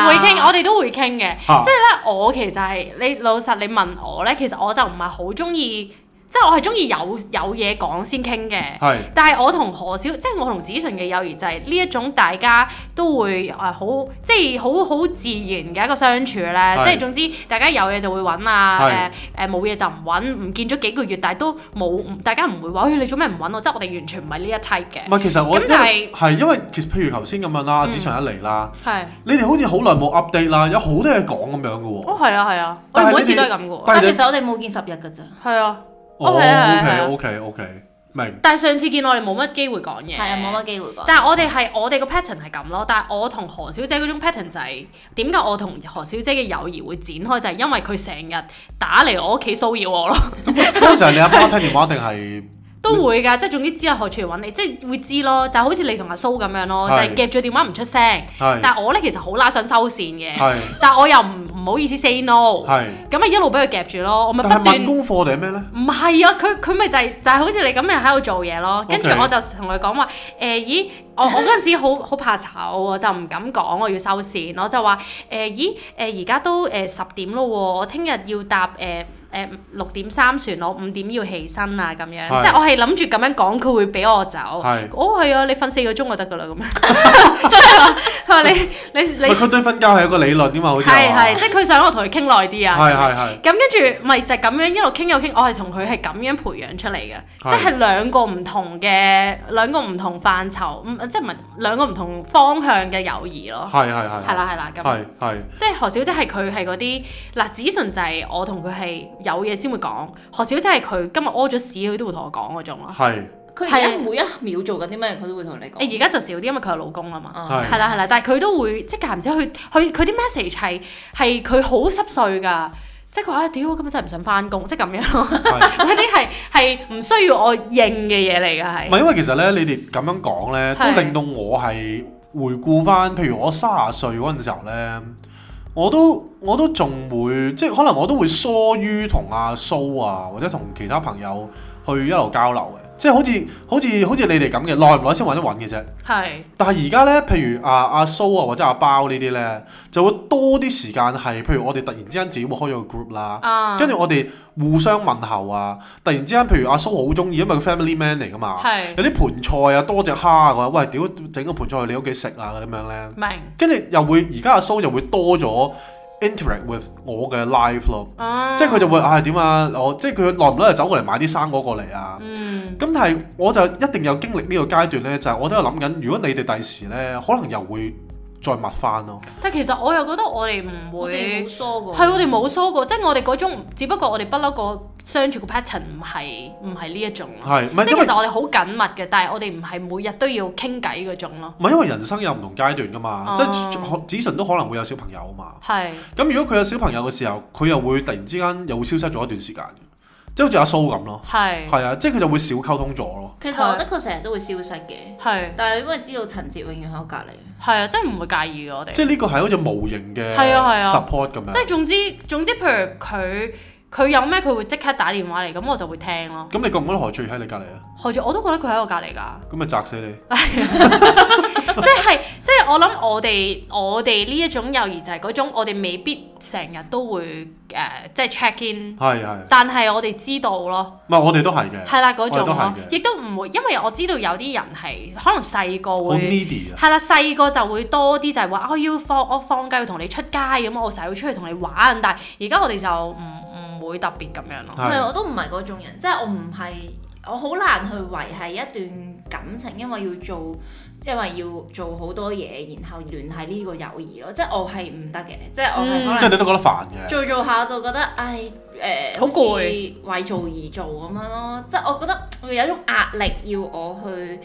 會傾，我哋都會傾嘅。即係咧，我其實係你老實，你問我咧，其實我就唔係好鍾意。即係我係中意有有嘢講先傾嘅，是但係我同何小，即係我同子純嘅友誼就係呢一種大家都會誒、呃、好即係好好自然嘅一個相處咧。是即係總之大家有嘢就會揾啊，誒，冇嘢就唔揾，唔見咗幾個月但係都冇，大家唔會話、欸、你做咩唔揾我？即係我哋完全唔係呢一 type 嘅。唔係，其實我咁係係因為其實譬如頭先咁樣啦，子純一嚟啦，係，嗯、你哋好似好耐冇 update 啦，有好多嘢講咁樣嘅喎。哦，係啊，係啊，我哋每次都係咁嘅喎。但，但其實我哋冇見十日嘅咋。係啊。哦，OK，OK，OK，明。但係上次見我哋冇乜機會講嘢，係啊，冇乜機會講。但係我哋係我哋個 pattern 係咁咯。但係我同何小姐嗰種 pattern 就係點解我同何小姐嘅友誼會展開就係因為佢成日打嚟我屋企騷擾我咯。通常 那你阿媽聽電話定係？ 都會㗎，即係總之之後何處嚟揾你，即係會知咯，就好似你同阿蘇咁樣咯，是就係夾住電話唔出聲。是但係我咧其實好拉想收線嘅，是 但係我又唔唔好意思 say no 是。咁咪一路俾佢夾住咯，我咪不，不斷。係唔係功課定係咩咧？唔係啊，佢佢咪就係、是、就係、是、好似你咁樣喺度做嘢咯，跟住我就同佢講話誒，咦？ oh，我嗰陣時好好怕醜我就唔敢講，我要收線，我就話誒、欸，咦誒，而家都誒十點咯喎，我聽日要搭誒誒六點三船，我五點要起身啊咁樣，是即係我係諗住咁樣講，佢會俾我走，是哦係啊，你瞓四個鐘就得噶啦咁樣，即係話佢話你你佢對瞓覺係一個理論啲嘛，好似係即係佢想我同佢傾耐啲啊，係係係，咁跟住咪就係、是、咁樣一路傾又傾，我係同佢係咁樣培養出嚟嘅，即係兩個唔同嘅兩個唔同範疇。即係唔兩個唔同方向嘅友誼咯，係係係，係啦係、嗯嗯、係啦咁，係係，即係何小姐係佢係嗰啲嗱，子純就係我同佢係有嘢先會講，何小姐係佢今日屙咗屎佢都會同我講嗰種咯，係，佢而家每一秒做緊啲咩，佢都會同你講，而家就少啲，因為佢係老公啊嘛，係啦係啦，但係佢都會即係，唔知，佢佢佢啲 message 係係佢好濕碎噶。即係佢話：屌、哎，我根本真係唔想翻工，即係咁樣。嗰啲係係唔需要我認嘅嘢嚟㗎，係。唔係因為其實咧，你哋咁樣講咧，都令到我係回顧翻。譬如我卅歲嗰陣時候咧，我都我都仲會，即係可能我都會疏於同阿蘇啊，或者同其他朋友去一路交流嘅。即係好似好似好似你哋咁嘅，耐唔耐先揾得揾嘅啫。係。是但係而家咧，譬如阿、啊、阿、啊、蘇啊或者阿、啊、包呢啲咧，就會多啲時間係，譬如我哋突然之間自己會開咗個 group 啦。跟住、啊、我哋互相問候啊，突然之間譬如阿、啊、蘇好中意，因為佢 family man 嚟㗎嘛。是有啲盤菜啊，多隻蝦啊，喂，屌，整個盤菜去你屋企食啊，咁樣咧。跟住白又會，而家阿蘇就會多咗。interact with 我嘅 life 咯，啊、即係佢就會啊點、哎、啊，我即係佢耐唔耐就走過嚟買啲生果過嚟啊，咁、嗯、但係我就一定有經歷呢個階段咧，就係、是、我都有諗緊，如果你哋第時咧，可能又會。再密翻咯，但係其實我又覺得我哋唔會係我哋冇疏過，即係我哋嗰種，只不過我哋不嬲個相處個 pattern 唔係唔係呢一種，係唔係因為其實我哋好緊密嘅，但係我哋唔係每日都要傾偈嗰種咯。唔係因為人生有唔同階段㗎嘛，嗯、即係子純都可能會有小朋友啊嘛。係，咁如果佢有小朋友嘅時候，佢又會突然之間又會消失咗一段時間。即係好似阿蘇咁咯，係係是啊，即係佢就會少溝通咗咯。其實我覺得佢成日都會消失嘅，係是，但係因為知道陳哲永遠喺我隔離，係啊，即係唔會介意我哋。即係呢個係好似無形嘅係啊，係啊 support 咁樣。即係總之總之，總之譬如佢。佢有咩佢會即刻打電話嚟，咁我就會聽咯。咁、嗯、你覺唔覺得何處喺你隔離啊？何處我都覺得佢喺我隔離㗎。咁咪砸死你！即係即係，我諗我哋我哋呢一種友誼就係嗰種，我哋未必成日都會誒，即、呃、係、就是、check in 的。但係我哋知道咯。唔係，我哋都係嘅。係啦， 嗰種咯，亦都唔會，因為我知道有啲人係可能細個會。好 needy 啊！係啦，細個就會多啲就係、是、話，我要放我放假要同你出街，咁我成日會出去同你玩。但係而家我哋就唔。嗯會特別咁樣咯，係我都唔係嗰種人，即係我唔係我好難去維繫一段感情，因為要做，因為要做好多嘢，然後聯繫呢個友誼咯，即係我係唔得嘅，即係、嗯、我係可能即係你都覺得煩嘅，做一做一下就覺得，唉、哎，誒、呃，好攰，好似為做而做咁樣咯，即係我覺得會有一種壓力要我去誒、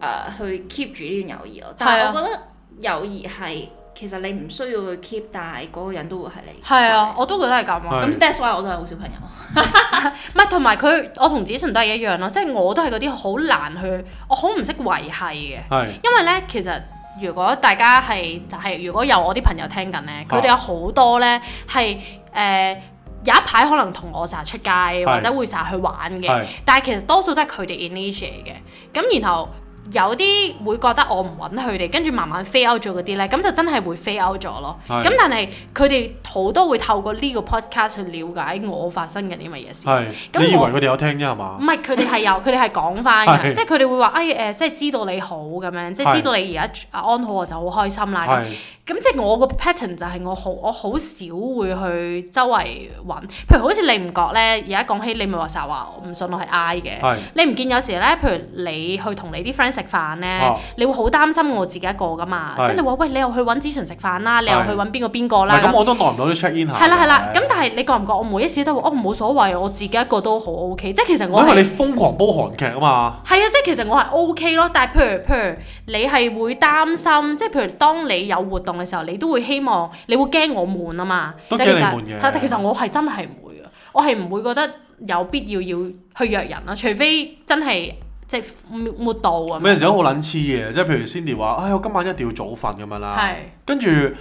呃、去 keep 住呢段友誼咯，但係我覺得友誼係。其實你唔需要去 keep，但係嗰個人都會係你。係啊，吧我都覺得係咁啊。咁 that's why 我都係好少朋友。唔 係，同埋佢，我同子晨都係一樣咯，啊。即、就、係、是、我都係嗰啲好難去，我好唔識維繫嘅。的因為呢，其實如果大家係，係如果有我啲朋友聽緊的呢，佢哋有好多呢係誒有一排可能同我成日出街，的或者會成日去玩嘅。的但係其實多數都係佢哋 initiate 嘅。咁然後。有啲會覺得我唔揾佢哋，跟住慢慢 fail 咗嗰啲咧，咁就真係會 fail 咗咯。咁是但係佢哋好多會透過呢個 podcast 去了解我發生緊啲乜嘢事。係是，咁你以為佢哋有聽啫係嘛？唔係，佢哋係有，佢哋係講翻嘅，即係佢哋會話誒誒，即係知道你好咁是樣，即係知道你而家安好，我就好開心啦。係，咁即係我個 pattern 就係我好我好少會去周圍揾，譬如好似你唔覺咧，而家講起你咪話曬話唔信我係 I 嘅，是你唔見有時咧，譬如你去同你啲 friend。食飯咧，啊、你會好擔心我自己一個㗎嘛？即係你話喂，你又去揾子淳食飯啦，是的 你又去揾邊個邊個啦？咁我都耐唔耐 check in 下。係啦係啦，咁的的但係你覺唔覺？我每一次都話，我、哦、冇所謂，我自己一個都好 O K。即係其實我因為你瘋狂煲韓劇啊嘛。係啊，即、就、係、是、其實我係 O K 咯，但係譬如，譬如你係會擔心，即係譬如當你有活動嘅時候，你都會希望你會驚我悶啊嘛。都驚悶嘅。但其、其實我係真係唔會嘅，我係唔會覺得有必要要去約人啊，除非真係。即沒沒到啊！咪有陣時候都好撚黐嘅，即係譬如 Cindy 話，哎，我今晚一定要早瞓咁樣啦。係是。跟住誒，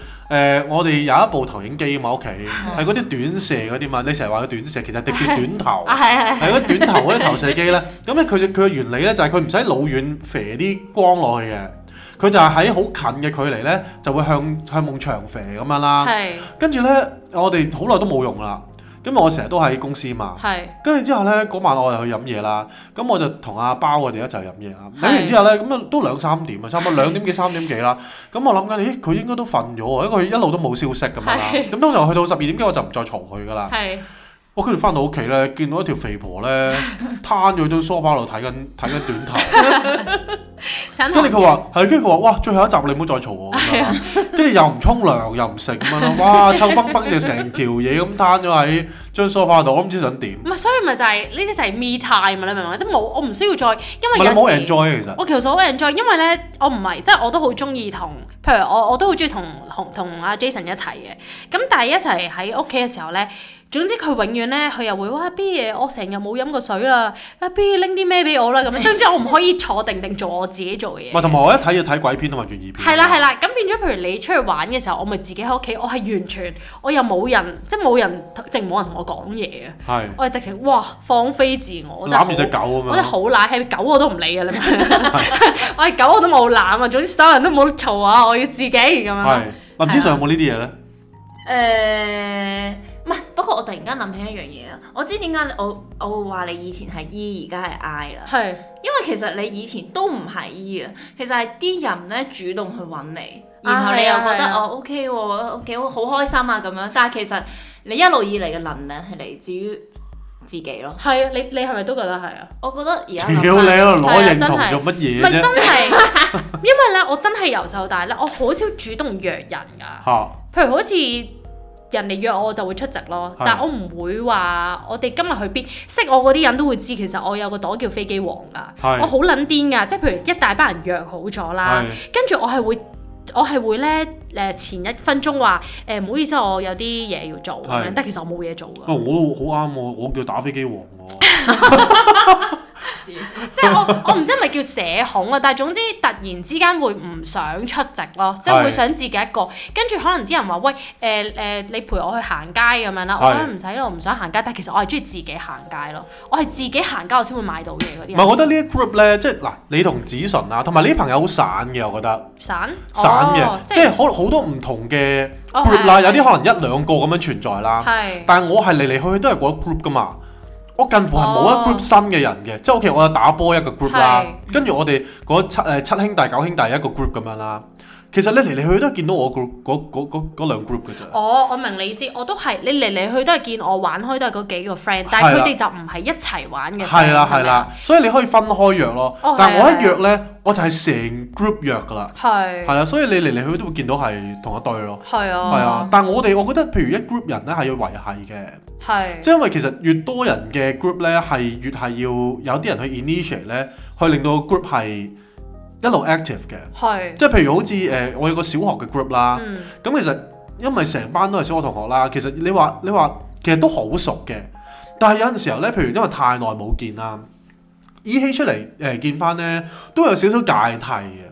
我哋有一部投影機啊嘛，屋企係嗰啲短射嗰啲嘛。你成日話佢短射，其實啲叫短頭，係係係。啲短頭嗰啲投射機咧，咁咧佢嘅佢嘅原理咧就係佢唔使老遠射啲光落去嘅，佢就係喺好近嘅距離咧就會向向牆長射咁樣啦。係是。跟住咧，我哋好耐都冇用啦。因為我成日都喺公司啊嘛，跟住是之後咧嗰、那個、晚我哋去飲嘢啦，咁我就同阿包我哋一齊飲嘢啊，飲是完之後咧咁啊都兩三點啊，差唔多兩點幾三點幾啦，咁是、嗯、我諗緊咦佢應該都瞓咗喎，因為一路都冇消息噶嘛，咁是、嗯、通常去到十二點幾我就唔再嘈佢噶啦。是我跟住翻到屋企咧，見到一條肥婆咧，攤咗喺張梳化度睇緊睇緊短頭。跟住佢話：係，跟住佢話：哇，最後一集你唔好再嘈我。跟住 又唔沖涼，又唔食咁樣哇，臭崩崩嘅成條嘢咁攤咗喺張梳化度、就是就是，我唔知想點。咪所以咪就係呢啲就係 me time 啊！你明唔明？即冇我唔需要再因為有。唔係我 enjoy 其實。我其實好 enjoy，因為咧，我唔係即係我都好中意同，譬如我我都好中意同同阿 Jason 一齊嘅。咁但係一齊喺屋企嘅時候咧。總之佢永遠咧，佢又會哇 B，嘢？我成日冇飲過水啦！阿 B 拎啲咩俾我啦咁樣。總之我唔可以坐定定做我自己做嘢。唔係同埋我一睇要睇鬼片同埋懸疑片。係啦係啦，咁變咗譬如你出去玩嘅時候，我咪自己喺屋企，我係完全我又冇人，即係冇人淨冇人同我講嘢啊！係，我係直情哇放飛自我，攬住隻狗咁樣，我就好懶，係狗我都唔理啊！你咪，我係狗我都冇攬啊！總之所有人都冇嘈啊，我要自己咁樣。係林之常有冇呢啲嘢咧？誒。唔不過我突然間諗起一樣嘢啊！我知點解我我會話你以前係 E，而家係 I 啦，係是因為其實你以前都唔係 E 啊，其實係啲人咧，主動去揾你，啊、然後你又覺得我、OK、哦 O K 喎，幾好、啊，好、啊 OK，開心啊咁樣。但係其實你一路以嚟嘅能量係嚟自於自己咯。係啊，你你係咪都覺得係啊？我覺得而家屌你喺度攞認同做乜嘢啫？唔係真係，因為咧我真係由細到大咧，我好少主動約人㗎。 譬如好似。人嚟約我我就會出席咯，但係我唔會話我哋今日去邊。識我嗰啲人都會知，其實我有個朵叫飛機王噶，是我好撚癲噶。即係譬如一大班人約好咗啦，跟住是我係會，我係會咧誒前一分鐘話誒唔好意思，我有啲嘢要做，是但其實我冇嘢做噶、哦。我都好啱我，我叫打飛機王 即係我我唔知係咪叫社恐啊？但係總之突然之間會唔想出席咯，即係會想自己一個。跟住可能啲人話喂，誒、呃、誒、呃呃，你陪我去行街咁樣啦，我咧唔使咯，唔想行街。但係其實我係中意自己行街咯，我係自己行街我先會買到嘢，嗰啲唔係，就是，我覺得呢一 group 咧，哦、即係嗱，你同子純啊，同埋呢啲朋友好散嘅，我覺得散散嘅，即係好好多唔同嘅 group 啦。有啲可能一兩個咁樣存在啦，但係我係嚟嚟去去都係嗰 group 噶嘛。我近乎係冇一 group 新嘅人嘅，哦、即係我其實我有打波一個 group 啦，跟住是我哋嗰七誒七兄弟九兄弟一個 group 咁樣啦。其實你嚟嚟去去都係見到我 g 嗰嗰嗰 group 㗎啫。哦，oh, 我明你意思，我都係你嚟嚟去都係見我玩開都係嗰幾個 friend，< 對了 S 2> 但係佢哋就唔係一齊玩嘅。係啦係啦，吧所以你可以分開約咯。Okay. 但係我一約呢，我就係成 group 約㗎啦。係、嗯。係啦是，所以你嚟嚟去都會見到係同一對咯。係啊。係啊，但係我哋我覺得，譬如一 group 人呢，係要維繫嘅。係是。即係是因為其實越多人嘅 group 呢，係越係要有啲人去 initiate 呢，去令到 group 係。一路 active 嘅，是即係譬如好似誒、呃，我有個小學嘅 group 啦，咁、嗯、其實因為成班都係小學同學啦，其實你話你話其實都好熟嘅，但係有陣時候咧，譬如因為太耐冇見啦，依起出嚟誒、呃、見翻咧，都有少少介蒂嘅，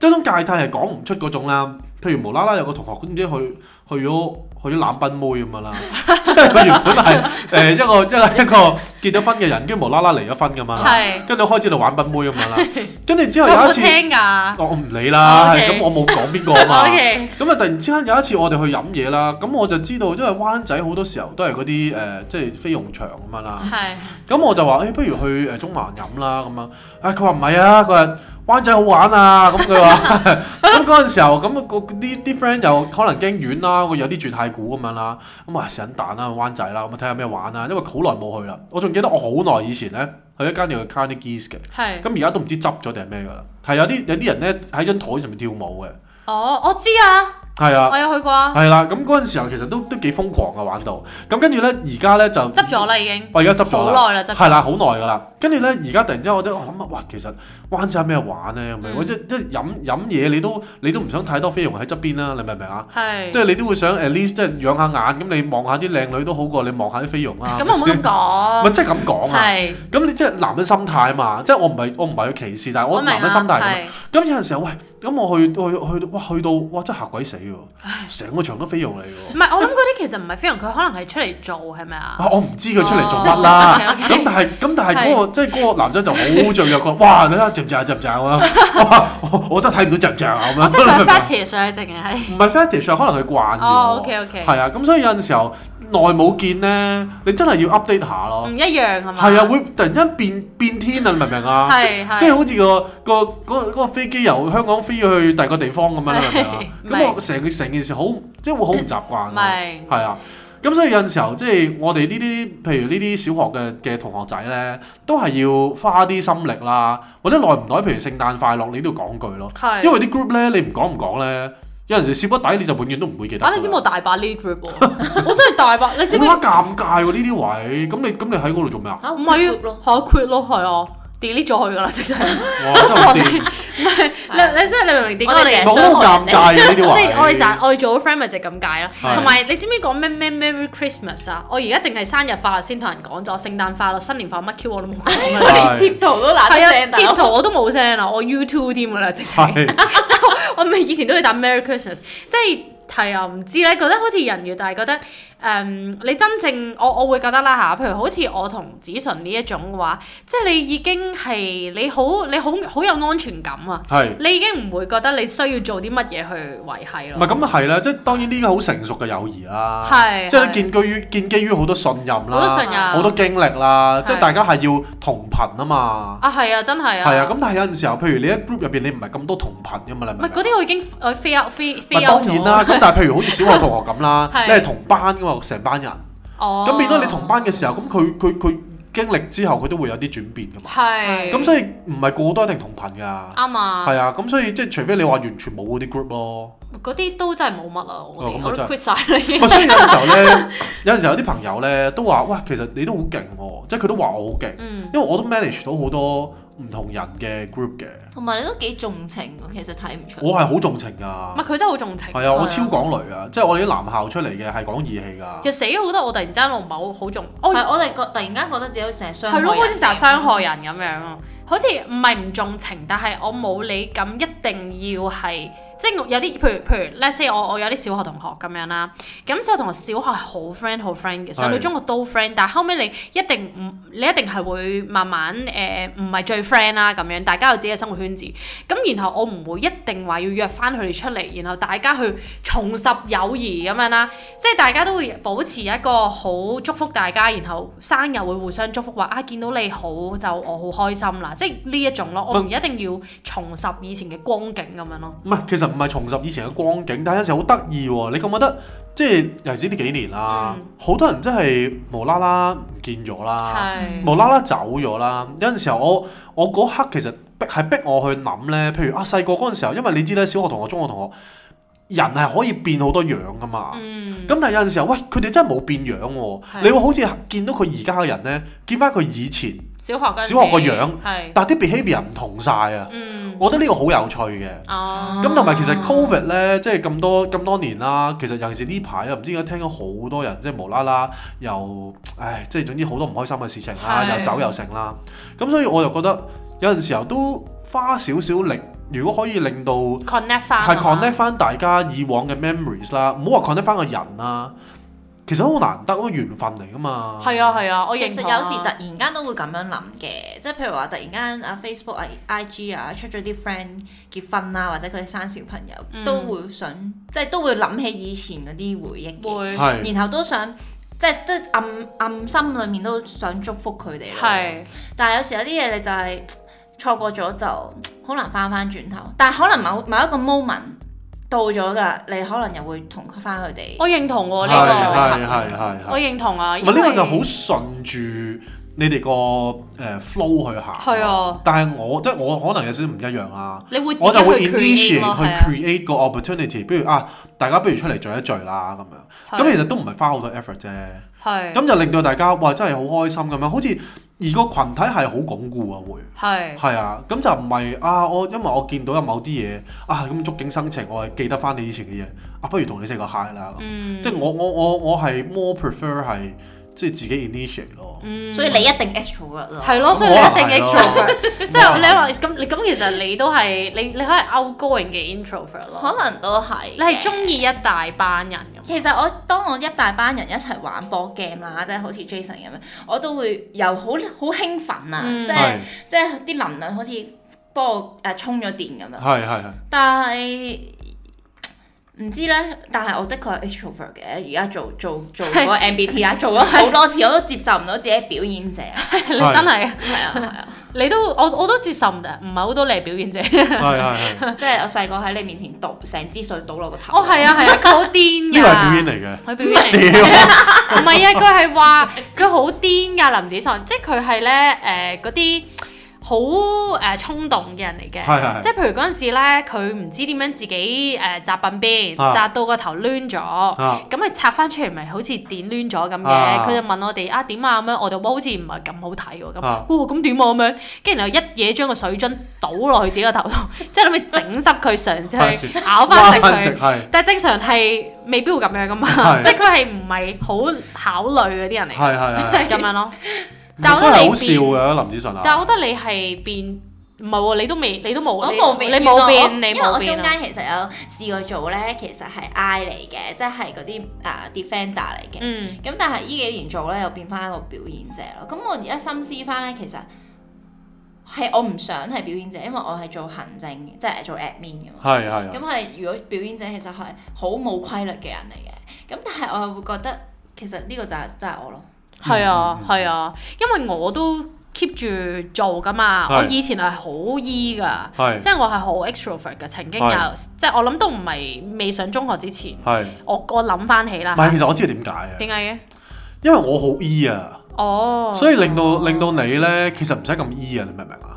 即係種介蒂係講唔出嗰種啦。譬如無啦啦有個同學，唔知去去咗。佢咗冷賓妹咁啊啦， 即係佢原本係誒一個一 一個結咗婚嘅人，跟住無啦啦離咗婚咁啊，跟住是開始就玩賓妹咁嘛啦，跟住 之後有一次，我唔理啦，咁 Okay. 我冇講邊個啊嘛，咁啊 Okay. 突然之間有一次我哋去飲嘢啦，咁我就知道，因為灣仔好多時候都係嗰啲誒，即係飛龍場咁啊啦，咁是我就話誒、欸，不如去誒中環飲啦咁啊，啊佢話唔係啊，佢話，灣仔好玩啊，咁佢話，咁嗰陣時候，咁嗰啲啲 friend 又可能驚遠啦，會有啲住太古咁樣啦，咁啊成日彈啦灣仔啦，咁啊睇下咩玩啊，因為好耐冇去啦，我仲記得我好耐以前咧去一間叫做 Carnegie's 嘅是，咁而家都唔知執咗定係咩㗎啦，係有啲有啲人咧喺張台上面跳舞嘅。哦，oh，我知啊。係啊！我有去過啊！係啦，咁嗰陣時候其實都都幾瘋狂啊，玩到咁跟住咧，而家咧就執咗啦已經。我而家執咗啦，好耐啦，係啦，好耐㗎啦。跟住咧，而家突然之間我咧，我諗啊，哇，其實灣仔有咩玩咧咁樣？我即即飲飲嘢，你都你都唔想太多菲傭喺側邊啦，你明唔明啊？係，即係你都會想 at least 即係養下眼，咁你望下啲靚女都好過你望下啲菲傭啊。咁我唔好咁講，唔係真係咁講啊。係，咁你即係男人心態啊嘛，即係我唔係我唔係去歧視，但係我男人心態係咪？咁有陣時候，喂，咁我去去去到哇，去到哇，真係嚇鬼死！成個場都飛用嚟㗎喎！唔係，我諗嗰啲其實唔係飛用，佢可能係出嚟做係咪啊？ 我唔知佢出嚟做乜啦。咁、oh, okay , okay. 但係，咁但係嗰、那個 即係嗰個男仔就好著入，佢話：哇，你睇下，腍唔腍啊？腍唔腍啊？我真係睇唔到腍唔腍啊咁樣。即係 fashion 上定係唔係 fashion 上？可能佢慣 OK，OK，係啊，咁所以有陣時候。耐冇見咧，你真係要 update 下咯。唔一樣係嘛？係啊，會突然間變，變天啊！你明唔明啊？係 是即係好似、那個、那個嗰個嗰個飛機由香港飛去第二個地方咁樣啦。咁 是白我成成件事好，即係會好唔習慣。係 是。啊。咁所以有陣時候，即係我哋呢啲，譬如呢啲小學嘅嘅同學仔咧，都係要花啲心力啦，或者耐唔耐，譬如聖誕快樂，你都要講句咯。是因為啲 group 咧，你唔講唔講咧。有陣時蝕不底你就永遠都唔會記得。啊！你知唔知我大把呢啲 group？ 我真係大把，你知唔知你？冇乜尷尬喎呢啲位。咁你咁你喺嗰度做咩啊？嚇唔係咯，嚇、啊 啊、quit 咯，係啊。delete 咗去噶啦，直情。唔係，你你所以你明唔明點解我哋好尷尬嘅呢啲話題？我哋我哋我哋做咗 friend 咪就係咁解咯。同埋你知唔知講咩咩 Merry Christmas 啊？我而家淨係生日快樂先同人講咗，聖誕快樂、新年快樂乜 Q 我都冇講。我連貼圖都難。係啊，貼圖我都冇聲啦，我 YouTube 添噶啦，即係。就我咪以前都要打 Merry Christmas，即係係啊，唔知咧，覺得好似人越大覺得。誒，你真正我我會覺得啦嚇，譬如好似我同子純呢一種嘅話，即係你已經係你好你好好有安全感啊！係，你已經唔會覺得你需要做啲乜嘢去維係咯。唔係咁啊，係啦，即係當然呢個好成熟嘅友誼啦，即係都建基於建基於好多信任啦，好多信任，好多經歷啦，即係大家係要同頻啊嘛。啊，係啊，真係啊。係啊，咁但係有陣時候，譬如你啲 group 入邊，你唔係咁多同頻㗎嘛，你咪。唔係嗰啲我已經我 feel feel feel out 咗。當然啦，咁但係譬如好似小學同學咁啦，你係同班。成班人，咁、oh, 變咗你同班嘅時候，咁佢佢佢經歷之後，佢都會有啲轉變噶嘛。係是。咁所以唔係個個都一定同頻噶。啱啊。係啊，咁所以即係除非你話完全冇嗰啲 group 咯。嗰啲都真係冇乜啊！我哋、哦、都 quit 所以有陣時候咧，有陣時候有啲朋友咧都話：哇，其實你都好勁喎！即係佢都話我好勁，嗯、因為我都 manage 到好多唔同人嘅 group 嘅，同埋你都幾重情，其實睇唔出。我係好重情㗎！唔係佢真係好重情。係啊，我超講類啊，的即係我哋啲男校出嚟嘅係講義氣㗎。其實死咗好多，我突然間我唔係好好重，哦、我我哋突然間覺得自己成日傷害人。咯，好似成日傷害人咁、嗯、樣，好似唔係唔重情，但係我冇你咁一定要係。即係有啲譬如譬如 let's say 我我有啲小學同學咁樣啦，咁小學同學小學係好 friend 好 friend 嘅，上到中學都 friend，但係後尾你一定唔你一定係會慢慢誒唔係最 friend 啦咁樣，大家有自己嘅生活圈子，咁然後我唔會一定話要約返佢哋出嚟，然後大家去重拾友誼咁樣啦，即係大家都會保持一個好祝福大家，然後生日會互相祝福話啊見到你好就我好開心啦，即係呢一種咯，我唔一定要重拾以前嘅光景咁樣咯。唔係其實唔係重拾以前嘅光景，但有陣時好得意喎。你覺唔覺得？即係尤其係呢幾年啦，好多人真係無啦啦唔見咗啦，嗯、無啦啦走咗啦。有陣時候我我嗰刻其實逼係逼我去諗咧。譬如啊，細個嗰陣時候，因為你知咧，小學同學、中學同學，人係可以變好多樣噶嘛。咁、嗯、但係有陣時候，喂，佢哋真係冇變樣喎。嗯、你會好似見到佢而家嘅人咧，見翻佢以前。小學、小學個樣，是但係啲 behavior 唔同晒啊！嗯、我覺得呢個好有趣嘅。咁同埋其實 covid 咧，即係咁多咁多年啦。其實尤其是呢排啦，唔知點解聽咗好多人即係無啦啦又，唉，即係總之好多唔開心嘅事情啦，是又走又剩啦。咁所以我就覺得有陣時候都花少少力，如果可以令到係 connect 翻回大家以往嘅 memories 啦，唔好話 connect 翻個人啦。其實好難得，嗰個緣分嚟噶嘛，係啊係啊，我認其實有時突然間都會咁樣諗嘅，即係譬如話突然間啊 Facebook 啊 IG 啊出咗啲 friend 結婚啦，或者佢哋生小朋友，嗯、都會想即係都會諗起以前嗰啲回憶嘅，會然後都想即係即係暗暗心裡面都想祝福佢哋。係是。但係有時有啲嘢你就係錯過咗就好難翻翻轉頭，但係可能某某一個 moment。到咗㗎，你可能又會同返佢哋。我認同喎呢個，我認同啊。唔係呢個就好順住你哋個誒 flow 去行。係啊，的但係我即係我可能有少少唔一樣啊。你會，會，我就會 initiate 去 create 個 opportunity，不如啊，大家不如出嚟聚一聚啦咁樣。咁的其實都唔係花好多 effort 啫。係的。咁就令到大家哇，真係好開心咁樣，好似～而個群體係好鞏固是啊，會係係啊，咁就唔係啊，我因為我見到有某啲嘢啊，咁觸景生情，我係記得翻你以前嘅嘢啊，不如同你食個蟹 i 啦，嗯、即係我我我我係 more prefer 係。即係自己 initiate、嗯、咯，所以你一定 extrovert 咯，係咯， 所以你一定 extrovert 即係你話咁咁其實你都係你你可以 outgoing 嘅 introvert 咯，可能都係你係中意一大班人。其實我當我一大班人一齊玩 board game 啦，即係好似 Jason 咁樣，我都會由好好興奮啊，即係即係啲能量好似幫我誒充咗電咁樣。但係。唔知咧，但係我的確 introvert 嘅，而家做做做咗 MBTI，做咗好多次，我都接受唔到自己表演者，真係，係啊係啊，你都我我都接受唔到，唔係好多你表演者，係係係，即係我細個喺你面前倒成支水倒落個頭，哦係啊係啊，佢好癲㗎，呢個表演嚟嘅，係表演嚟嘅，唔係啊，佢係話佢好癲㗎，林子祥，即係佢係咧誒嗰啲。好誒衝動嘅人嚟嘅，即係譬如嗰陣時咧，佢唔知點樣自己誒紮鬢邊，紮到個頭攣咗，咁佢拆翻出嚟咪好似點攣咗咁嘅，佢就問我哋啊點啊咁樣，我哋哇好似唔係咁好睇喎咁，哇咁點啊咁樣，跟住然後一嘢將個水樽倒落去自己個頭度，即係諗住整濕佢，嘗試去咬翻直佢，但係正常係未必會咁樣噶嘛，即係佢係唔係好考慮嗰啲人嚟，咁樣咯。但係我覺得你好笑林子變，但我覺得你係變，唔係喎，你都未，你都冇，你冇變，你冇變。變因為我中間其實有試過做咧，其實係 I 嚟嘅，即係嗰啲啊 Defender 嚟嘅。咁、uh, 嗯、但係呢幾年做咧，又變翻一個表演者咯。咁我而家深思翻咧，其實係我唔想係表演者，因為我係做行政，即係做 admin 嘅。係咁係如果表演者其實係好冇規律嘅人嚟嘅，咁但係我又會覺得其實呢個就係真係我咯。係 啊，係啊，因為我都 keep 住做噶嘛，是我以前係好 E 噶，是即係我係好 extrovert 嘅，曾經有，是即係我諗都唔係未上中學之前，是我我諗翻起啦。唔係，其實我知道點解啊。點解嘅？因為我好 E 啊。哦。Oh, 所以令到、oh, 令到你咧，其實唔使咁 E 啊，你明唔明啊？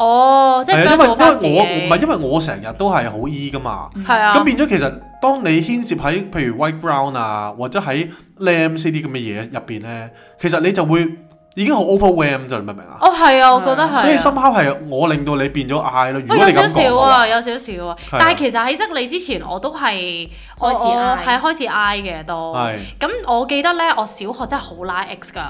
哦，oh, 即係因為我唔係自己 因為我成日都係好 E 㗎嘛，咁是、啊、變咗其實當你牽涉喺譬如 white ground 啊，或者喺 l a m b 些啲咁嘅嘢入邊咧，其實你就會已經好 overwhelm 就明唔明啊？哦，係啊，我覺得係，所以深刻係我令到你變咗 I 咯，有少少是啊，有少少，啊。但係其實喺識你之前我都係開始 I 係開始 I 嘅都，咁的的我記得咧，我小學真係好拉 X 㗎。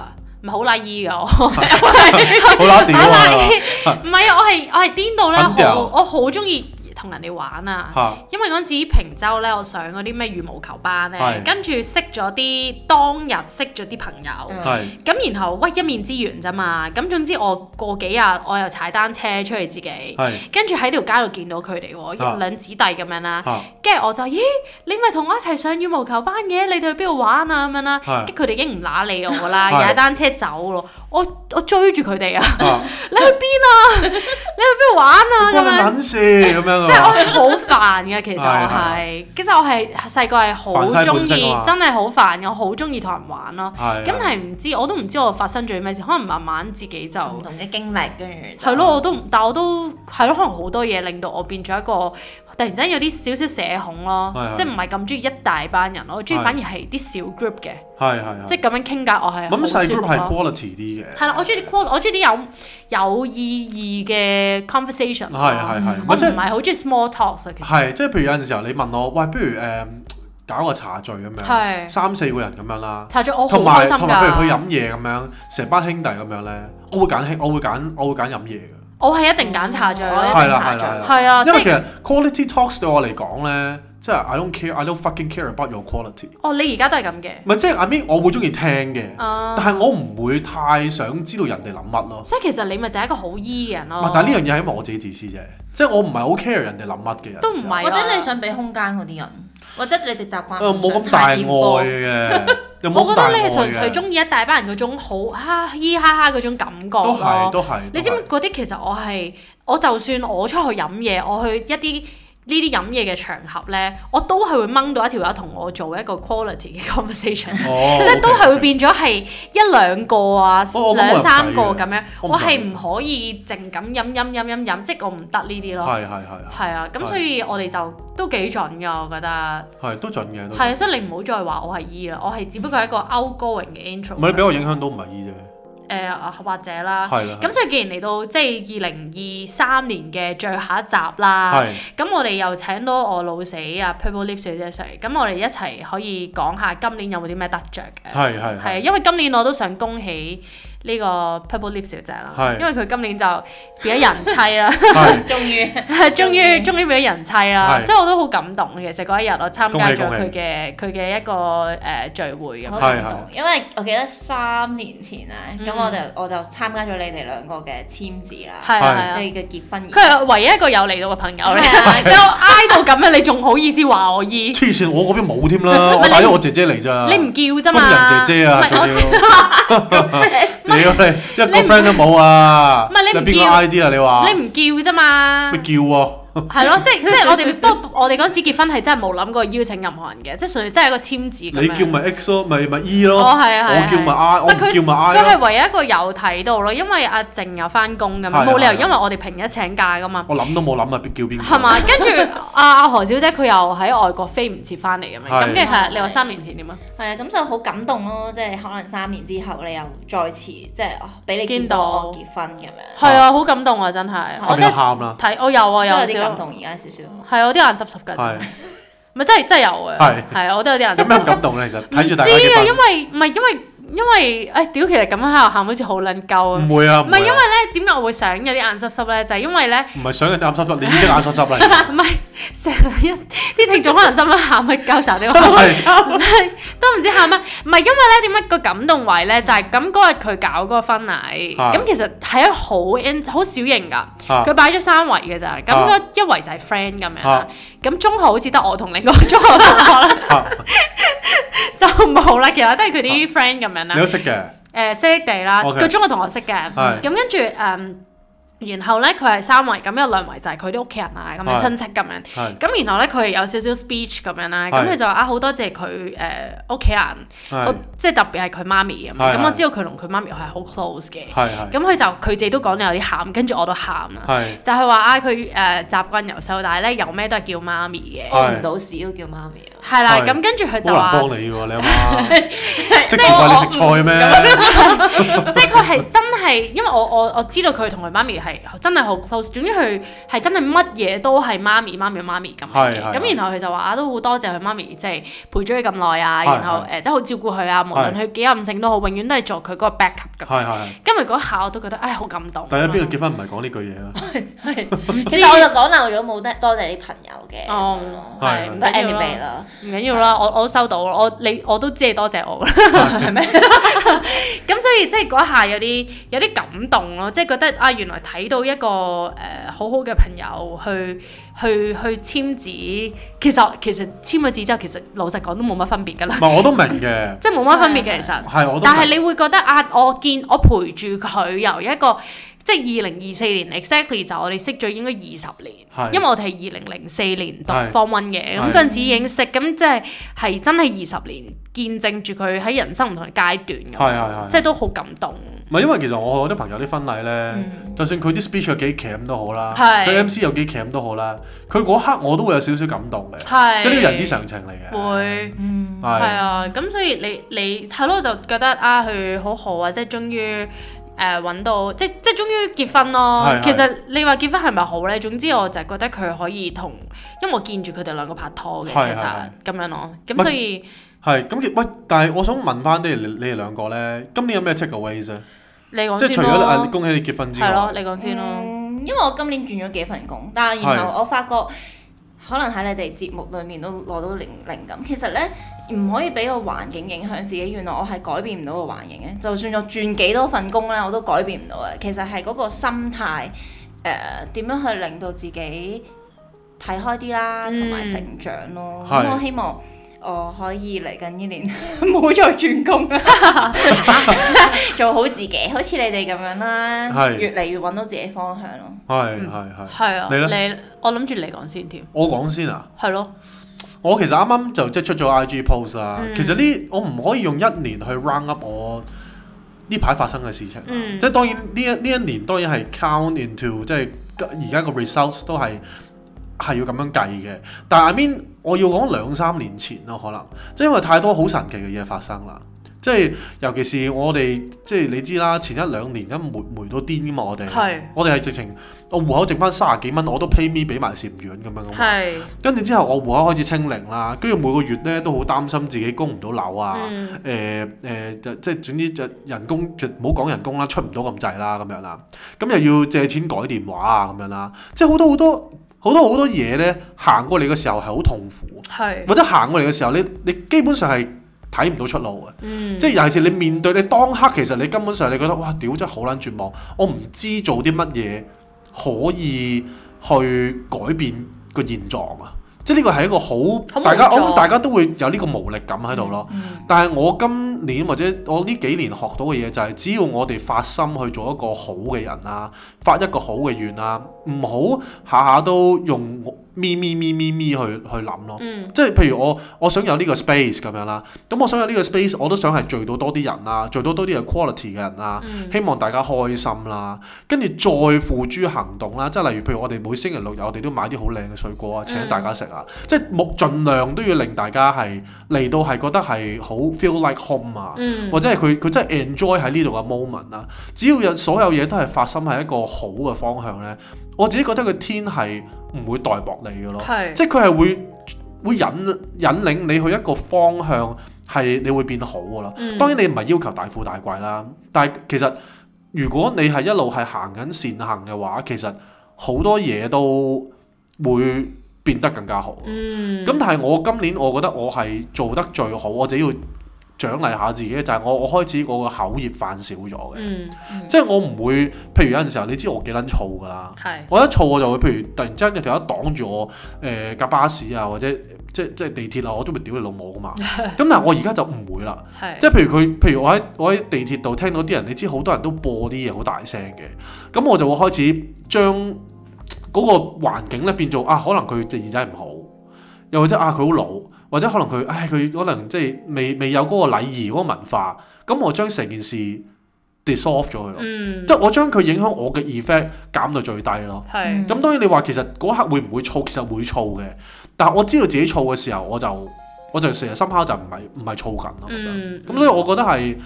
唔係好拉意噶，我，好拉調喎，唔係啊，我係著我係邊度咧？我好中意，同人哋玩啊，啊，因為嗰陣時平洲咧，我上嗰啲咩羽毛球班咧、啊，是跟住識咗啲當日識咗啲朋友，咁、嗯、然後喂一面之緣咋嘛，咁總之我過幾日我又踩單車出去，自己，是跟住喺條街度見到佢哋喎，一、啊、兩子弟咁樣啦、啊，跟住、啊、我就咦你咪同我一齊上羽毛球班嘅、啊，你哋去邊度玩啊咁樣啦、啊，跟佢哋已經唔喇理我啦，踩單 是 車走咯。我我追住佢哋啊！你去邊啊？你去邊度玩啊？咁樣啊！即係我係好煩嘅，其實我係， 其實我係細個係好中意，啊、真係好煩，我好中意同人玩咯。咁係唔知，我都唔知我發生咗啲咩事，可能慢慢自己就唔同嘅經歷，跟住係咯，我都，但我都係咯，可能好多嘢令到我變咗一個。突然之間有啲少少社恐咯，即係唔係咁中意一大班人咯，我中意反而係啲小 group 嘅，係係，即係咁樣傾偈我係咁細 group 係 quality 啲嘅，係啦，我中意啲 quality，我中意啲有有意義嘅 conversation，係係係，我唔係好中意 small talk 啊，其實係即係譬如有陣時候你問我，喂，不如誒搞個茶聚咁樣，三四個人咁樣啦，茶聚我同埋同埋譬如去飲嘢咁樣，成班兄弟咁樣咧，我會揀，我會揀，我會揀飲嘢㗎。我係一定揀茶敍，我、嗯、一定茶敍，係啊，因為其實 quality talks 對我嚟講咧，即、就、係、是、I don't care, I don't fucking care about your quality。哦，你而家都係咁嘅。唔係、就是，即係阿咪，我會中意聽嘅，嗯、但係我唔會太想知道人哋諗乜咯。所以其實你咪就係一個好 E 嘅人咯。但係呢樣嘢係因為我自己自私啫，即、就、係、是、我唔係好 care 人哋諗乜嘅人。都唔係，或者你想俾空間嗰啲人。或者你哋習慣唔想太過嘅，我覺得你係純粹中意一大班人嗰種好嘻嘻哈哈嗰種感覺咯。都係，都係。你知唔知嗰啲其實我係，我就算我出去飲嘢，我去一啲。呢啲飲嘢嘅場合咧，我都係會掹到一條友同我做一個 quality 嘅 conversation，即係、哦、 都係會變咗係一兩個啊、哦、兩三個咁樣，哦、樣我係唔可以淨咁飲飲飲飲飲，即係我唔得呢啲咯。係係係。係啊，咁所以我哋就都幾準嘅，我覺得。係都準嘅。係啊，所以你唔好再話我係 E 啦，我係只不過係一個 outgoing 嘅 intro、嗯。唔係你俾我影響到唔係 E 啫。誒、呃、或者啦，咁的所以既然嚟到即係二零二三年嘅最後一集啦，咁是的 我哋又請到我老死啊 Purple Lips 姐姐嚟，咁我哋一齊可以講下今年有冇啲咩得着嘅？係因為今年我都想恭喜。呢個 Purple Lip 小姐啦，因為佢今年就變咗人妻啦，終於，終於終於變咗人妻啦，所以我都好感動。其實嗰一日我參加咗佢嘅佢嘅一個誒聚會，好感動。因為我記得三年前咧，咁我就我就參加咗你哋兩個嘅簽字啦，即係嘅結婚。佢係唯一一個有嚟到嘅朋友咧，又哀到咁樣，你仲好意思話我依？黐線，我嗰邊冇添啦，我帶咗我姐姐嚟咋，你唔叫咋嘛？工人姐姐啊，唔係我。屌你，一個 friend 都冇啊！唔係你唔叫，啊，叫，叫啊？你話你唔叫啫嘛？咩叫啊？係咯，即係即係我哋不過我哋嗰陣時結婚係真係冇諗過邀請任何人嘅，即係純粹真係一個簽字。你叫咪 X 咯，咪咪 E 咯，我叫咪 I，我叫咪 I，佢係唯一一個有睇到咯，因為阿靜有翻工㗎嘛，冇理由因為我哋平日請假噶嘛。我諗都冇諗啊，叫邊個？係嘛，跟住阿阿何小姐佢又喺外國飛唔切翻嚟咁樣，咁跟住係你話三年前點啊？係啊，咁就好感動咯，即係可能三年之後你又再次即係俾你見到我結婚咁樣。係啊，好感動啊，真係我真係喊啦！睇我有啊有。唔同而家少少，係啊，我啲眼濕濕嘅，唔係 真係真係有嘅，係啊，對我都有啲眼濕。 有咩咁感動咧？其實，唔知啊，因為唔係因為。因為誒、哎、屌其，其實咁樣喺度喊好似好撚鳩。唔會啊！唔係、啊、因為咧，點解我會想有啲眼濕濕咧？就係、是、因為咧，唔係想有啲眼濕濕，你自己眼濕濕嚟。唔係成日一啲聽眾可能心一喊咪鳩，成日 都喊鳩。係都唔知喊乜，唔係因為咧，點解個感動位咧，就係咁嗰日佢搞嗰個婚禮咁，的的其實係一個好好小型㗎，佢擺咗三圍嘅咋咁，嗰、那個、一圍就係 friend 咁樣。的咁中學好似得我同 你個、呃、Okay 中學同學啦是的、嗯，就冇啦。其實都係佢啲 friend 咁樣啦。你都識嘅。誒，識地啦，個中學同學識嘅。咁跟住誒。然後咧佢係三圍咁，有兩圍就係佢啲屋企人啊，咁樣親戚咁樣。咁然後咧佢有少少 speech 咁樣啦。咁佢就話啊，好多謝佢誒屋企人，即係特別係佢媽咪啊嘛。咁我知道佢同佢媽咪係好 close 嘅。咁佢就佢自己都講有啲喊，跟住我都喊是啊。就係話啊，佢、uh，誒習慣由細到大咧，有咩都係叫媽咪嘅，唔是到事都叫媽咪是是啊。係啦，咁跟住佢就話。好難幫你喎，啊，你即係幫你食菜咩？即係佢係真係，因為我我我知道佢同佢媽咪係，真係好 close，總之佢係真係乜嘢都係媽咪、媽咪、媽咪咁嘅，咁然後佢就話啊，都好多謝佢媽咪，即係陪咗佢咁耐啊，然後誒真係好照顧佢啊，無論佢幾任性都好，永遠都係做佢嗰個 back up 咁。係係。今日嗰下我都覺得唉，好感動。但係邊個結婚唔係講呢句嘢啊？係，所以我就講漏咗冇得多謝啲朋友嘅。哦，唔緊要啦，我我收到，我你我都知你多謝我啦，係咩？咁所以即係嗰下有啲有啲感動咯，即係覺得啊，原來睇。俾到一個誒、呃、好好嘅朋友去去去簽字，其實其實簽咗字之後，其實老實講都冇乜分別㗎啦。唔係我都明嘅， 即係冇乜分別嘅其實。係我，但係你會覺得啊，我見我陪住佢由一個。即係二零二四年，exactly 就我哋識咗應該二十年，的因為我哋係二零零四年讀 form one 嘅，咁嗰陣時已經識，咁、嗯、即係係真係二十年見證住佢喺人生唔同嘅階段咁，即係都好感動。唔係因為其實我我啲朋友啲婚禮呢，嗯、就算佢啲 speech 有幾強都好啦，佢的 MC 有幾強都好啦，佢嗰刻我都會有少少感動嘅，即係呢個人之常情嚟嘅。會，係、嗯、啊，咁所以你你係咯就覺得啊佢好好啊，即係終於。誒揾、呃、到即即終於結婚咯，是是其實你話結婚係咪好咧？總之我就係覺得佢可以同，因為我見住佢哋兩個拍拖嘅，其實咁是樣咯。咁但所以係咁結喂，但係我想問翻啲你哋兩個咧，今年有咩 takeaways 咧？你講先咯，即係除咗恭喜你結婚之外，係咯，你講先咯、嗯。因為我今年轉咗幾份工，但係然後我發覺的可能喺你哋節目裏面都攞到靈靈感。其實咧。唔可以俾個環境影響自己，原來我係改變唔到個環境嘅。就算我轉幾多份工咧，我都改變唔到嘅。其實係嗰個心態，誒、呃、點樣去令到自己睇開啲啦，同埋成長咯。咁、嗯、我希望我可以嚟緊呢年冇的 再轉工， 做好自己，好似你哋咁樣啦，的越嚟越揾到自己方向咯。係係係。係啊，你咧？我諗住你講先添。我講先啊。係咯。我其實啱啱就即係出咗 IG post 啦，嗯、其實呢我唔可以用一年去 round up 我呢排發生嘅事情，嗯、即係當然呢一呢一年當然係 count into 即係而家個 results 都係係要咁樣計嘅。但係 I mean 我要講兩三年前咯，可能即係因為太多好神奇嘅嘢發生啦。即係尤其是我哋即係你知啦，前一兩年一霉霉到癲噶嘛，我哋是，我哋係直情我戶口剩翻三十幾蚊，我都 pay me 俾埋善院咁樣咁，跟住是之後我戶口開始清零啦，跟住每個月咧都好擔心自己供唔到樓啊，誒誒就即係總之就人工就唔好講人工啦，出唔到咁滯啦咁樣啦，咁又要借錢改電話啊咁樣啦，即係好多好多好多好多嘢咧行過嚟嘅時候係好痛苦，是或者行過嚟嘅時候你你基本上係。睇唔到出路嘅，即係、嗯、尤其是你面對你當刻，其實你根本上你覺得哇，屌真係好撚絕望，我唔知做啲乜嘢可以去改變個現狀啊！即係呢個係一個好、嗯、大家，嗯、我諗大家都會有呢個無力感喺度咯。嗯、但係我今年或者我呢幾年學到嘅嘢就係、是，只要我哋發心去做一個好嘅人啊，發一個好嘅願啊，唔好下下都用。咪咪咪咪咪去去諗咯，嗯、即係譬如我我想有呢個 space 咁樣啦，咁我想有呢個 space，我都想係聚到多啲人啦，聚到多啲有 quality 嘅人啦，嗯、希望大家開心啦，跟住再付諸行動啦，即係例如譬如我哋每星期六日我哋都買啲好靚嘅水果啊，請大家食啊，嗯、即係盡量都要令大家係嚟到係覺得係好 feel like home 啊，嗯、或者係佢佢真係 enjoy 喺呢度嘅 moment 啦，只要有所有嘢都係發生喺一個好嘅方向咧。我自己覺得個天係唔會待薄你嘅咯，是即係佢係會會引引領你去一個方向，係你會變好嘅咯。嗯、當然你唔係要求大富大貴啦，但係其實如果你係一路係行緊善行嘅話，其實好多嘢都會變得更加好。咁、嗯、但係我今年我覺得我係做得最好，我自己要。獎勵下自己就係、是、我，我開始我個口熱犯少咗嘅，嗯嗯、即係我唔會，譬如有陣時候你知我幾撚燥㗎啦，是我一燥我就會，譬如突然之間有條友擋住我，誒、呃，搭巴士啊或者即即地鐵啊，我都咪屌你老母㗎嘛，咁 但係我而家就唔會啦，是即係譬如佢，譬如我喺我喺地鐵度聽到啲人，你知好多人都播啲嘢好大聲嘅，咁我就會開始將嗰個環境咧變做啊，可能佢隻耳仔唔好，又或者啊佢好老。或者可能佢，唉、哎，佢可能即係未未有嗰個禮儀嗰、嗰個文化，咁我將成件事 dissolve 咗佢咯，嗯、即係我將佢影響我嘅 effect 減到最低咯。咁的當然你話其實嗰刻會唔會躁，其實會躁嘅，但係我知道自己躁嘅時候，我就我就成日心口就唔係唔係躁緊咯。咁所以我覺得係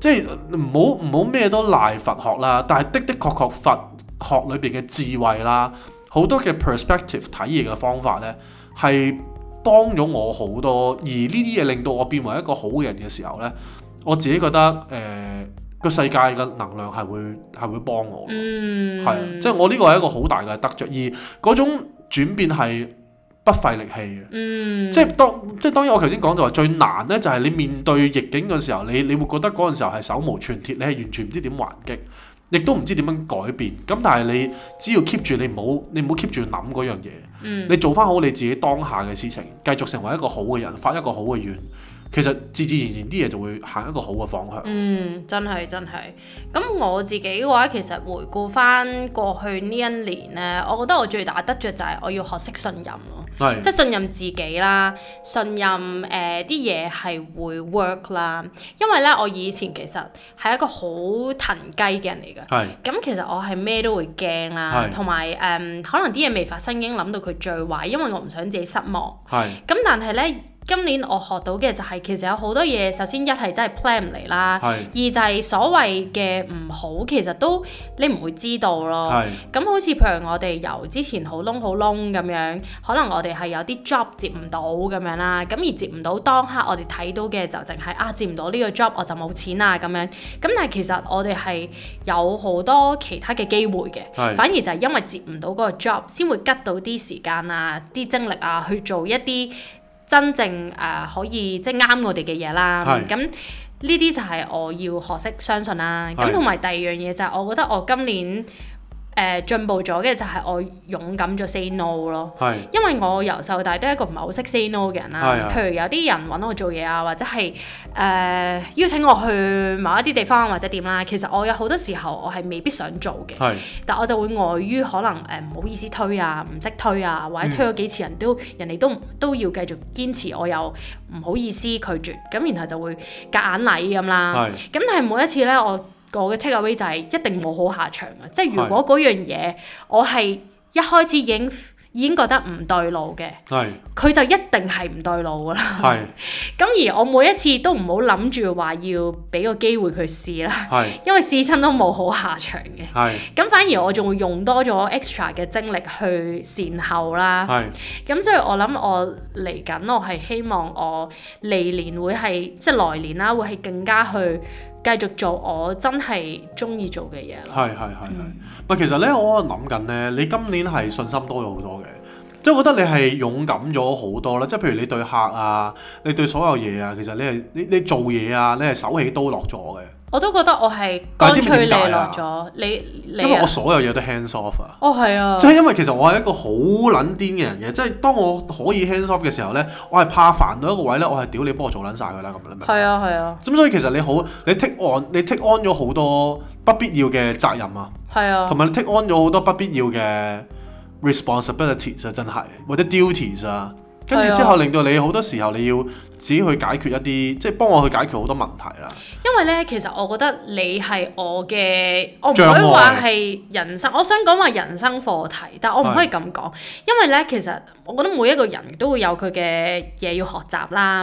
即係唔好唔好咩都賴佛學啦，但係的的確確佛學裏邊嘅智慧啦，好多嘅 perspective 睇嘢嘅方法咧係。幫咗我好多，而呢啲嘢令到我變為一個好人嘅時候呢，我自己覺得誒個、呃、世界嘅能量係會係會幫我，係啊、嗯，即係我呢個係一個好大嘅得着，而嗰種轉變係不費力氣嘅、嗯，即係當即係當然我頭先講就話最難呢就係你面對逆境嘅時候，你你會覺得嗰陣時候係手無寸鐵，你係完全唔知點還擊。亦都唔知點樣改變，咁但係你只要 keep 住，你唔好，你唔好 keep 住諗嗰樣嘢。嗯，你做翻好你自己當下嘅事情，繼續成為一個好嘅人，發一個好嘅願。其實自自然然啲嘢就會行一個好嘅方向。嗯，真係真係。咁我自己嘅話，其實回顧翻過去呢一年呢，我覺得我最大得着就係我要學識信任咯。即係是信任自己啦，信任誒啲嘢係會 work 啦。因為呢，我以前其實係一個好騰雞嘅人嚟嘅。係是。咁其實我係咩都會驚啦、啊，同埋誒可能啲嘢未發生已經諗到佢最壞，因為我唔想自己失望。係是。咁但係呢。今年我學到嘅就係其實有好多嘢，首先一係真係 plan 唔嚟啦，二是就係所謂嘅唔好，其實都你唔會知道咯。咁是好似譬如我哋由之前好窿好窿咁樣，可能我哋係有啲 job 接唔到咁樣啦，咁而接唔到當刻我哋睇到嘅就淨係啊接唔到呢個 job 我就冇錢喇咁樣。咁但係其實我哋係有好多其他嘅機會嘅，是反而就係因為接唔到嗰個 job，先會拮到啲時間啊、啲精力啊去做一啲。真正誒、呃、可以即係啱我哋嘅嘢啦，咁呢啲就係我要學識相信啦。咁同埋第二樣嘢就係我覺得我今年。誒、呃、進步咗嘅就係我勇敢咗 say no 咯，是因為我由細到大都係一個唔係好識 say no 嘅人啦、啊。的譬如有啲人揾我做嘢啊，或者係誒、呃、邀請我去某一啲地方或者點啦，其實我有好多時候我係未必想做嘅，是但我就會礙於可能誒唔好意思推啊，唔識推啊，或者推咗幾次人都、嗯、人哋都都要繼續堅持，我又唔好意思拒絕，咁然後就會夾硬嚟咁、啊、啦。咁是但係每一次呢，我。我嘅 take away 就係一定冇好下場嘅，即係如果嗰樣嘢我係一開始已經已經覺得唔對路嘅，佢是是 就一定係唔對路㗎啦。係，咁而我每一次都唔好諗住話要俾個機會佢試啦，是是因為試親都冇好下場嘅。係，咁反而我仲會用多咗 extra 嘅精力去善後啦。係，咁所以我諗我嚟緊，我係希望我嚟年會係即係來年啦，會係更加去。繼續做我真係中意做嘅嘢咯。係係係係。其實咧，嗯、我諗緊咧，你今年係信心多咗好多嘅，即係我覺得你係勇敢咗好多啦。即係譬如你對客啊，你對所有嘢啊，其實你係你你做嘢啊，你係手起刀落咗嘅。我都覺得我係佢，虛僂咗，你你、啊、因為我所有嘢都 hands off 啊。哦，係啊，即係因為其實我係一個好撚癲嘅人嘅，即係當我可以 hands off 嘅時候咧，我係怕煩到一個位咧，我係屌你幫我做撚晒佢啦咁樣。係啊，係啊。咁所以其實你好，你 take on 你 take on 咗好多不必要嘅責任啊，係啊，同埋你 take on 咗好多不必要嘅 responsibilities 啊，真係或者 duties 啊，跟住之後令到你好多時候你要。自己去解決一啲，即係幫我去解決好多問題啦。因為咧，其實我覺得你係我嘅，害我唔可以話係人生。我想講話人生課題，但係我唔可以咁講，是因為咧，其實我覺得每一個人都會有佢嘅嘢要學習啦。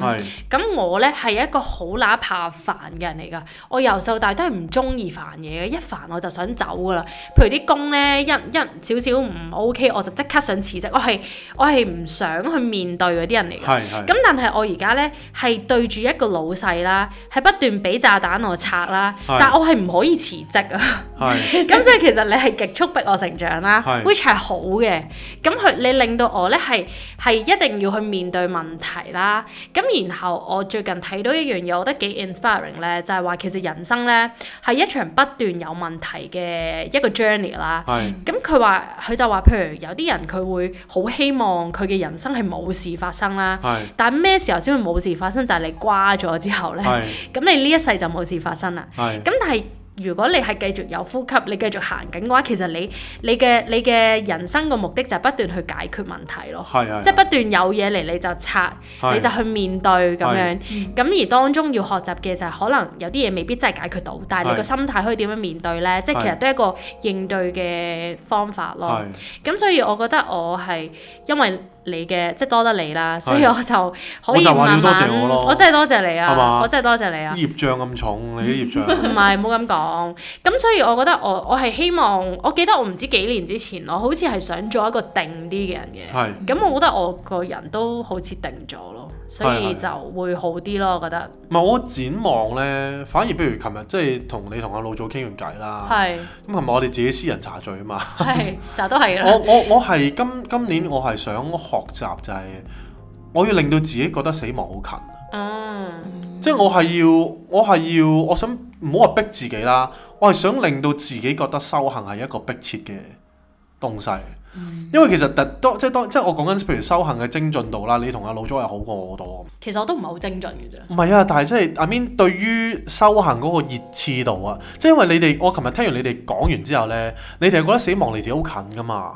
咁是我咧係一個好懶怕煩嘅人嚟噶，我由細到大都係唔中意煩嘢嘅，一煩我就想走㗎啦。譬如啲工咧一一少少唔 OK，我就即刻想辭職，我係我係唔想去面對嗰啲人嚟嘅，咁是但係我而家咧。係對住一個老細啦，係不斷俾炸彈我拆啦，但係我係唔可以辭職啊。係，咁所以其實你係極速逼我成長啦，which 係好嘅。咁佢你令到我呢係係一定要去面對問題啦。咁然後我最近睇到一樣嘢，我覺得幾 inspiring 呢，就係話其實人生呢係一場不斷有問題嘅一個 journey 啦。係。咁佢話佢就話，譬如有啲人佢會好希望佢嘅人生係冇事發生啦。係。但係咩時候先會冇？冇事發生就係、是、你瓜咗之後呢。咁是你呢一世就冇事發生啦。咁是但係如果你係繼續有呼吸，你繼續行緊嘅話，其實你你嘅你嘅人生個目的就係不斷去解決問題咯。是即係不斷有嘢嚟你就拆，是你就去面對咁樣。咁是而當中要學習嘅就係可能有啲嘢未必真係解決到，但係你個心態可以點樣面對呢？是即係其實都係一個應對嘅方法咯。咁是所以我覺得我係因為。你嘅即係多得你啦，是所以我就可以慢慢。我要多謝我囉，我真係多謝你啊！吧我真係多謝你啊！業障咁重，你啲業障。 唔係，唔好咁講。咁所以我覺得我我係希望，我記得我唔知幾年之前我好似係想做一個定啲嘅人嘅。係是。咁我覺得我個人都好似定咗咯。所以就會好啲咯，是是是我覺得。唔係，我展望咧，反而不如琴日即係同你同阿老祖傾完偈啦。係是。咁係咪我哋自己私人茶聚啊嘛？係是， 就都係啦。我我我係今今年我係想學習就係，我要令到自己覺得死亡好近。嗯。即係我係要，我係要，我想唔好話逼自己啦，我係想令到自己覺得修行係一個迫切嘅東西。嗯、因為其實特當、嗯、即係當即係我講緊，譬如修行嘅精進度啦，你同阿老祖係好過我多。其實我都唔係好精進嘅啫。唔係啊，但係即係阿 Min 對於修行嗰個熱刺度啊，即係因為你哋我琴日聽完你哋講完之後咧，你哋係覺得死亡離自己好近噶嘛？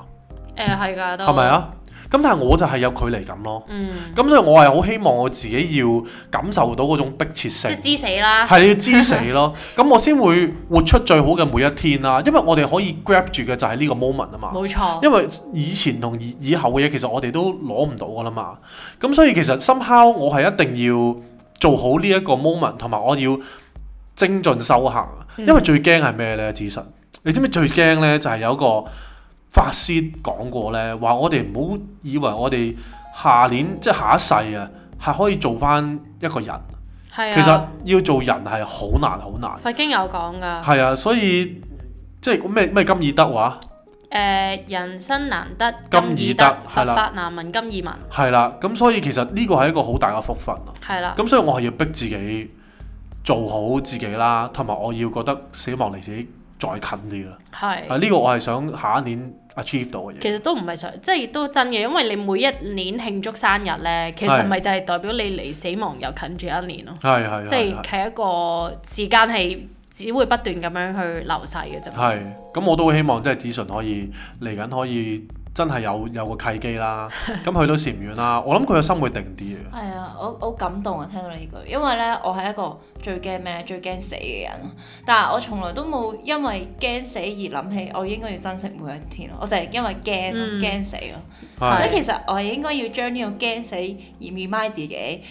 誒係噶，都係咪啊？咁但係我就係有距離感咯，咁、嗯嗯、所以我係好希望我自己要感受到嗰種迫切性，即知死啦，係要知死咯，咁、 嗯、我先會活出最好嘅每一天啦。因為我哋可以 grab 住嘅就係呢個 moment 啊嘛，冇錯錯。因為以前同以以後嘅嘢，其實我哋都攞唔到噶啦嘛。咁、嗯嗯、所以其實 somehow 我係一定要做好呢一個 moment，同埋我要精進修行，因為最驚係咩咧？紫晨，你知唔知最驚咧就係、是、有一個。法師講過咧，話我哋唔好以為我哋下年即係下一世啊，係可以做返一個人。啊、其實要做人係好難，難，好難。佛經有講㗎。係啊，所以即係咩咩今已得話？誒、呃，人生難得今已得，得佛法難聞今已聞。係啦、啊，咁、啊嗯、所以其實呢個係一個好大嘅福分。係啦、啊。咁、嗯、所以我係要逼自己做好自己啦，同埋我要覺得死亡嚟時。再近啲咯，係啊，呢個我係想下一年 achieve 到嘅嘢。其實都唔係想，即係都真嘅，因為你每一年慶祝生日咧，其實咪就係代表你離死亡又近住一年咯。係係，即係係一個時間係只會不斷咁樣去流逝嘅啫。係，咁我都會希望即係子純可以嚟緊可以。真係有有個契機啦，咁 去到唔遠啦，我諗佢個心會定啲啊。係啊，我好感動啊，聽到你呢句，因為呢，我係一個最驚咩最驚死嘅人，但係我從來都冇因為驚死而諗起我應該要珍惜每一天咯，我就係因為驚驚死咯、啊，嗯、所以其實我係應該要將呢個驚死而掩埋自己。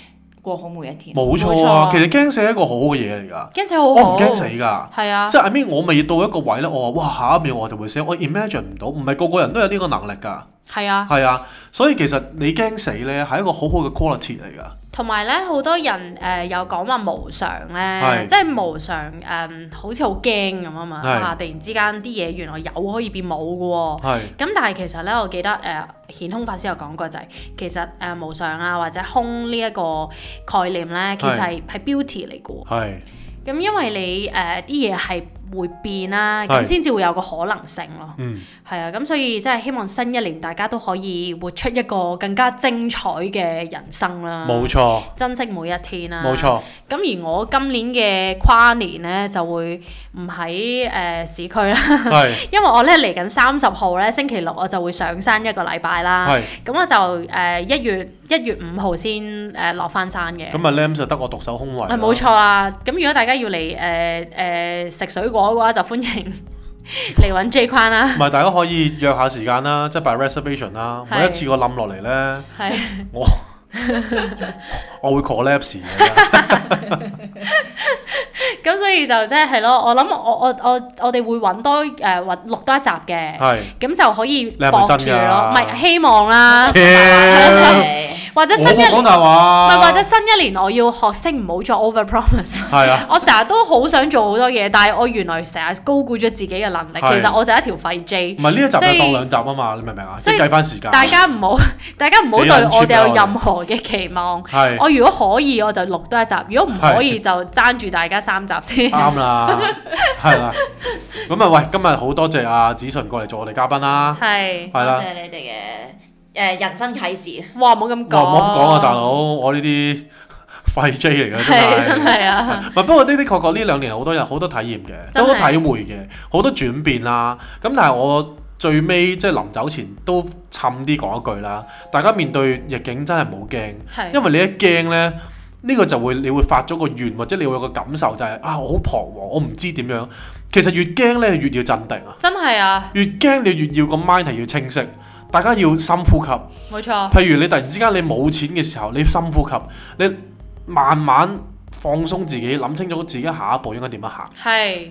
過好每一天。冇錯啊，冇錯啊，其實驚死係一個好好嘅嘢嚟噶。驚死好，我唔驚死㗎。係啊即，即係阿 m 我未到一個位咧，我話哇，下一秒我就會死，我 imagine 唔到，唔係個個人都有呢個能力㗎。係啊，係啊，所以其實你驚死咧係一個好好嘅 quality 嚟㗎。同埋咧，好多人誒有講話無常咧，即係無常誒，好似好驚咁啊嘛，啊！突然之間啲嘢原來有可以變冇嘅喎。係是。咁、嗯、但係其實咧，我記得誒、呃、顯空法師有講過就係、是，其實誒、呃、無常啊或者空呢一個概念咧，其實係係 beauty 嚟嘅。係是。咁、哦是嗯、因為你誒啲嘢係。呃會變啦、啊，咁先至會有個可能性咯。嗯，係啊，咁所以真係希望新一年大家都可以活出一個更加精彩嘅人生啦。冇沒錯，珍惜每一天啦。冇沒錯。咁而我今年嘅跨年呢就會唔喺誒市區啦，是 因為我咧嚟緊三十號咧星期六我就會上山一個禮拜啦。係。咁我就誒一、呃、月一月五號先誒落翻山嘅。咁啊 Lam 就得我獨守空位、嗯。係冇錯啦、啊。咁如果大家要嚟誒誒食水果？我嘅話就歡迎嚟揾 J 框啦，唔係、啊、大家可以約下時間啦，即係 by reservation 啦，是每一次是我冧落嚟咧。係我 我會 collapse 嘅，咁所以就即係係咯。我諗我我我我哋會揾多誒揾、呃、錄多一集嘅，係咁是就可以搏住咯，唔係、啊、希望啦、啊。天 或者新一年，唔係，或者新一年我要學識唔好再 over promise，係啊！我成日都好想做好多嘢，但係我原來成日高估咗自己嘅能力，其實我就一條廢 J。唔係呢一集要當兩集啊嘛！你明唔明啊？即係計翻時間，大家唔好，大家唔好對我哋有任何嘅期望。係，我如果可以我就錄多一集，如果唔可以就爭住大家三集先。啱啦，係啦。咁啊，喂，今日好多謝阿子純過嚟做我哋嘉賓啦，係，係啦，謝你哋嘅。誒人生啟示，哇！唔好咁講，唔好咁講啊，大佬，我呢啲廢 J 嚟嘅真係，係啊，唔係不過的的確確呢兩年好多人好多體驗嘅，好的多體會嘅，好多轉變啦。咁但係我最尾即係臨走前都趁啲講一句啦，大家面對逆境真係唔好驚，的因為你一驚呢，呢、呢個就會你會發咗個怨，或者你會有個感受就係、是、啊我好彷徨，我唔知點樣。其實越驚呢，越要鎮定啊，真係的啊，越驚你越要個 mind 係要清晰。大家要深呼吸，冇錯。譬如你突然之間你冇錢嘅時候，你深呼吸，你慢慢放鬆自己，諗清楚自己下一步應該點樣行。係。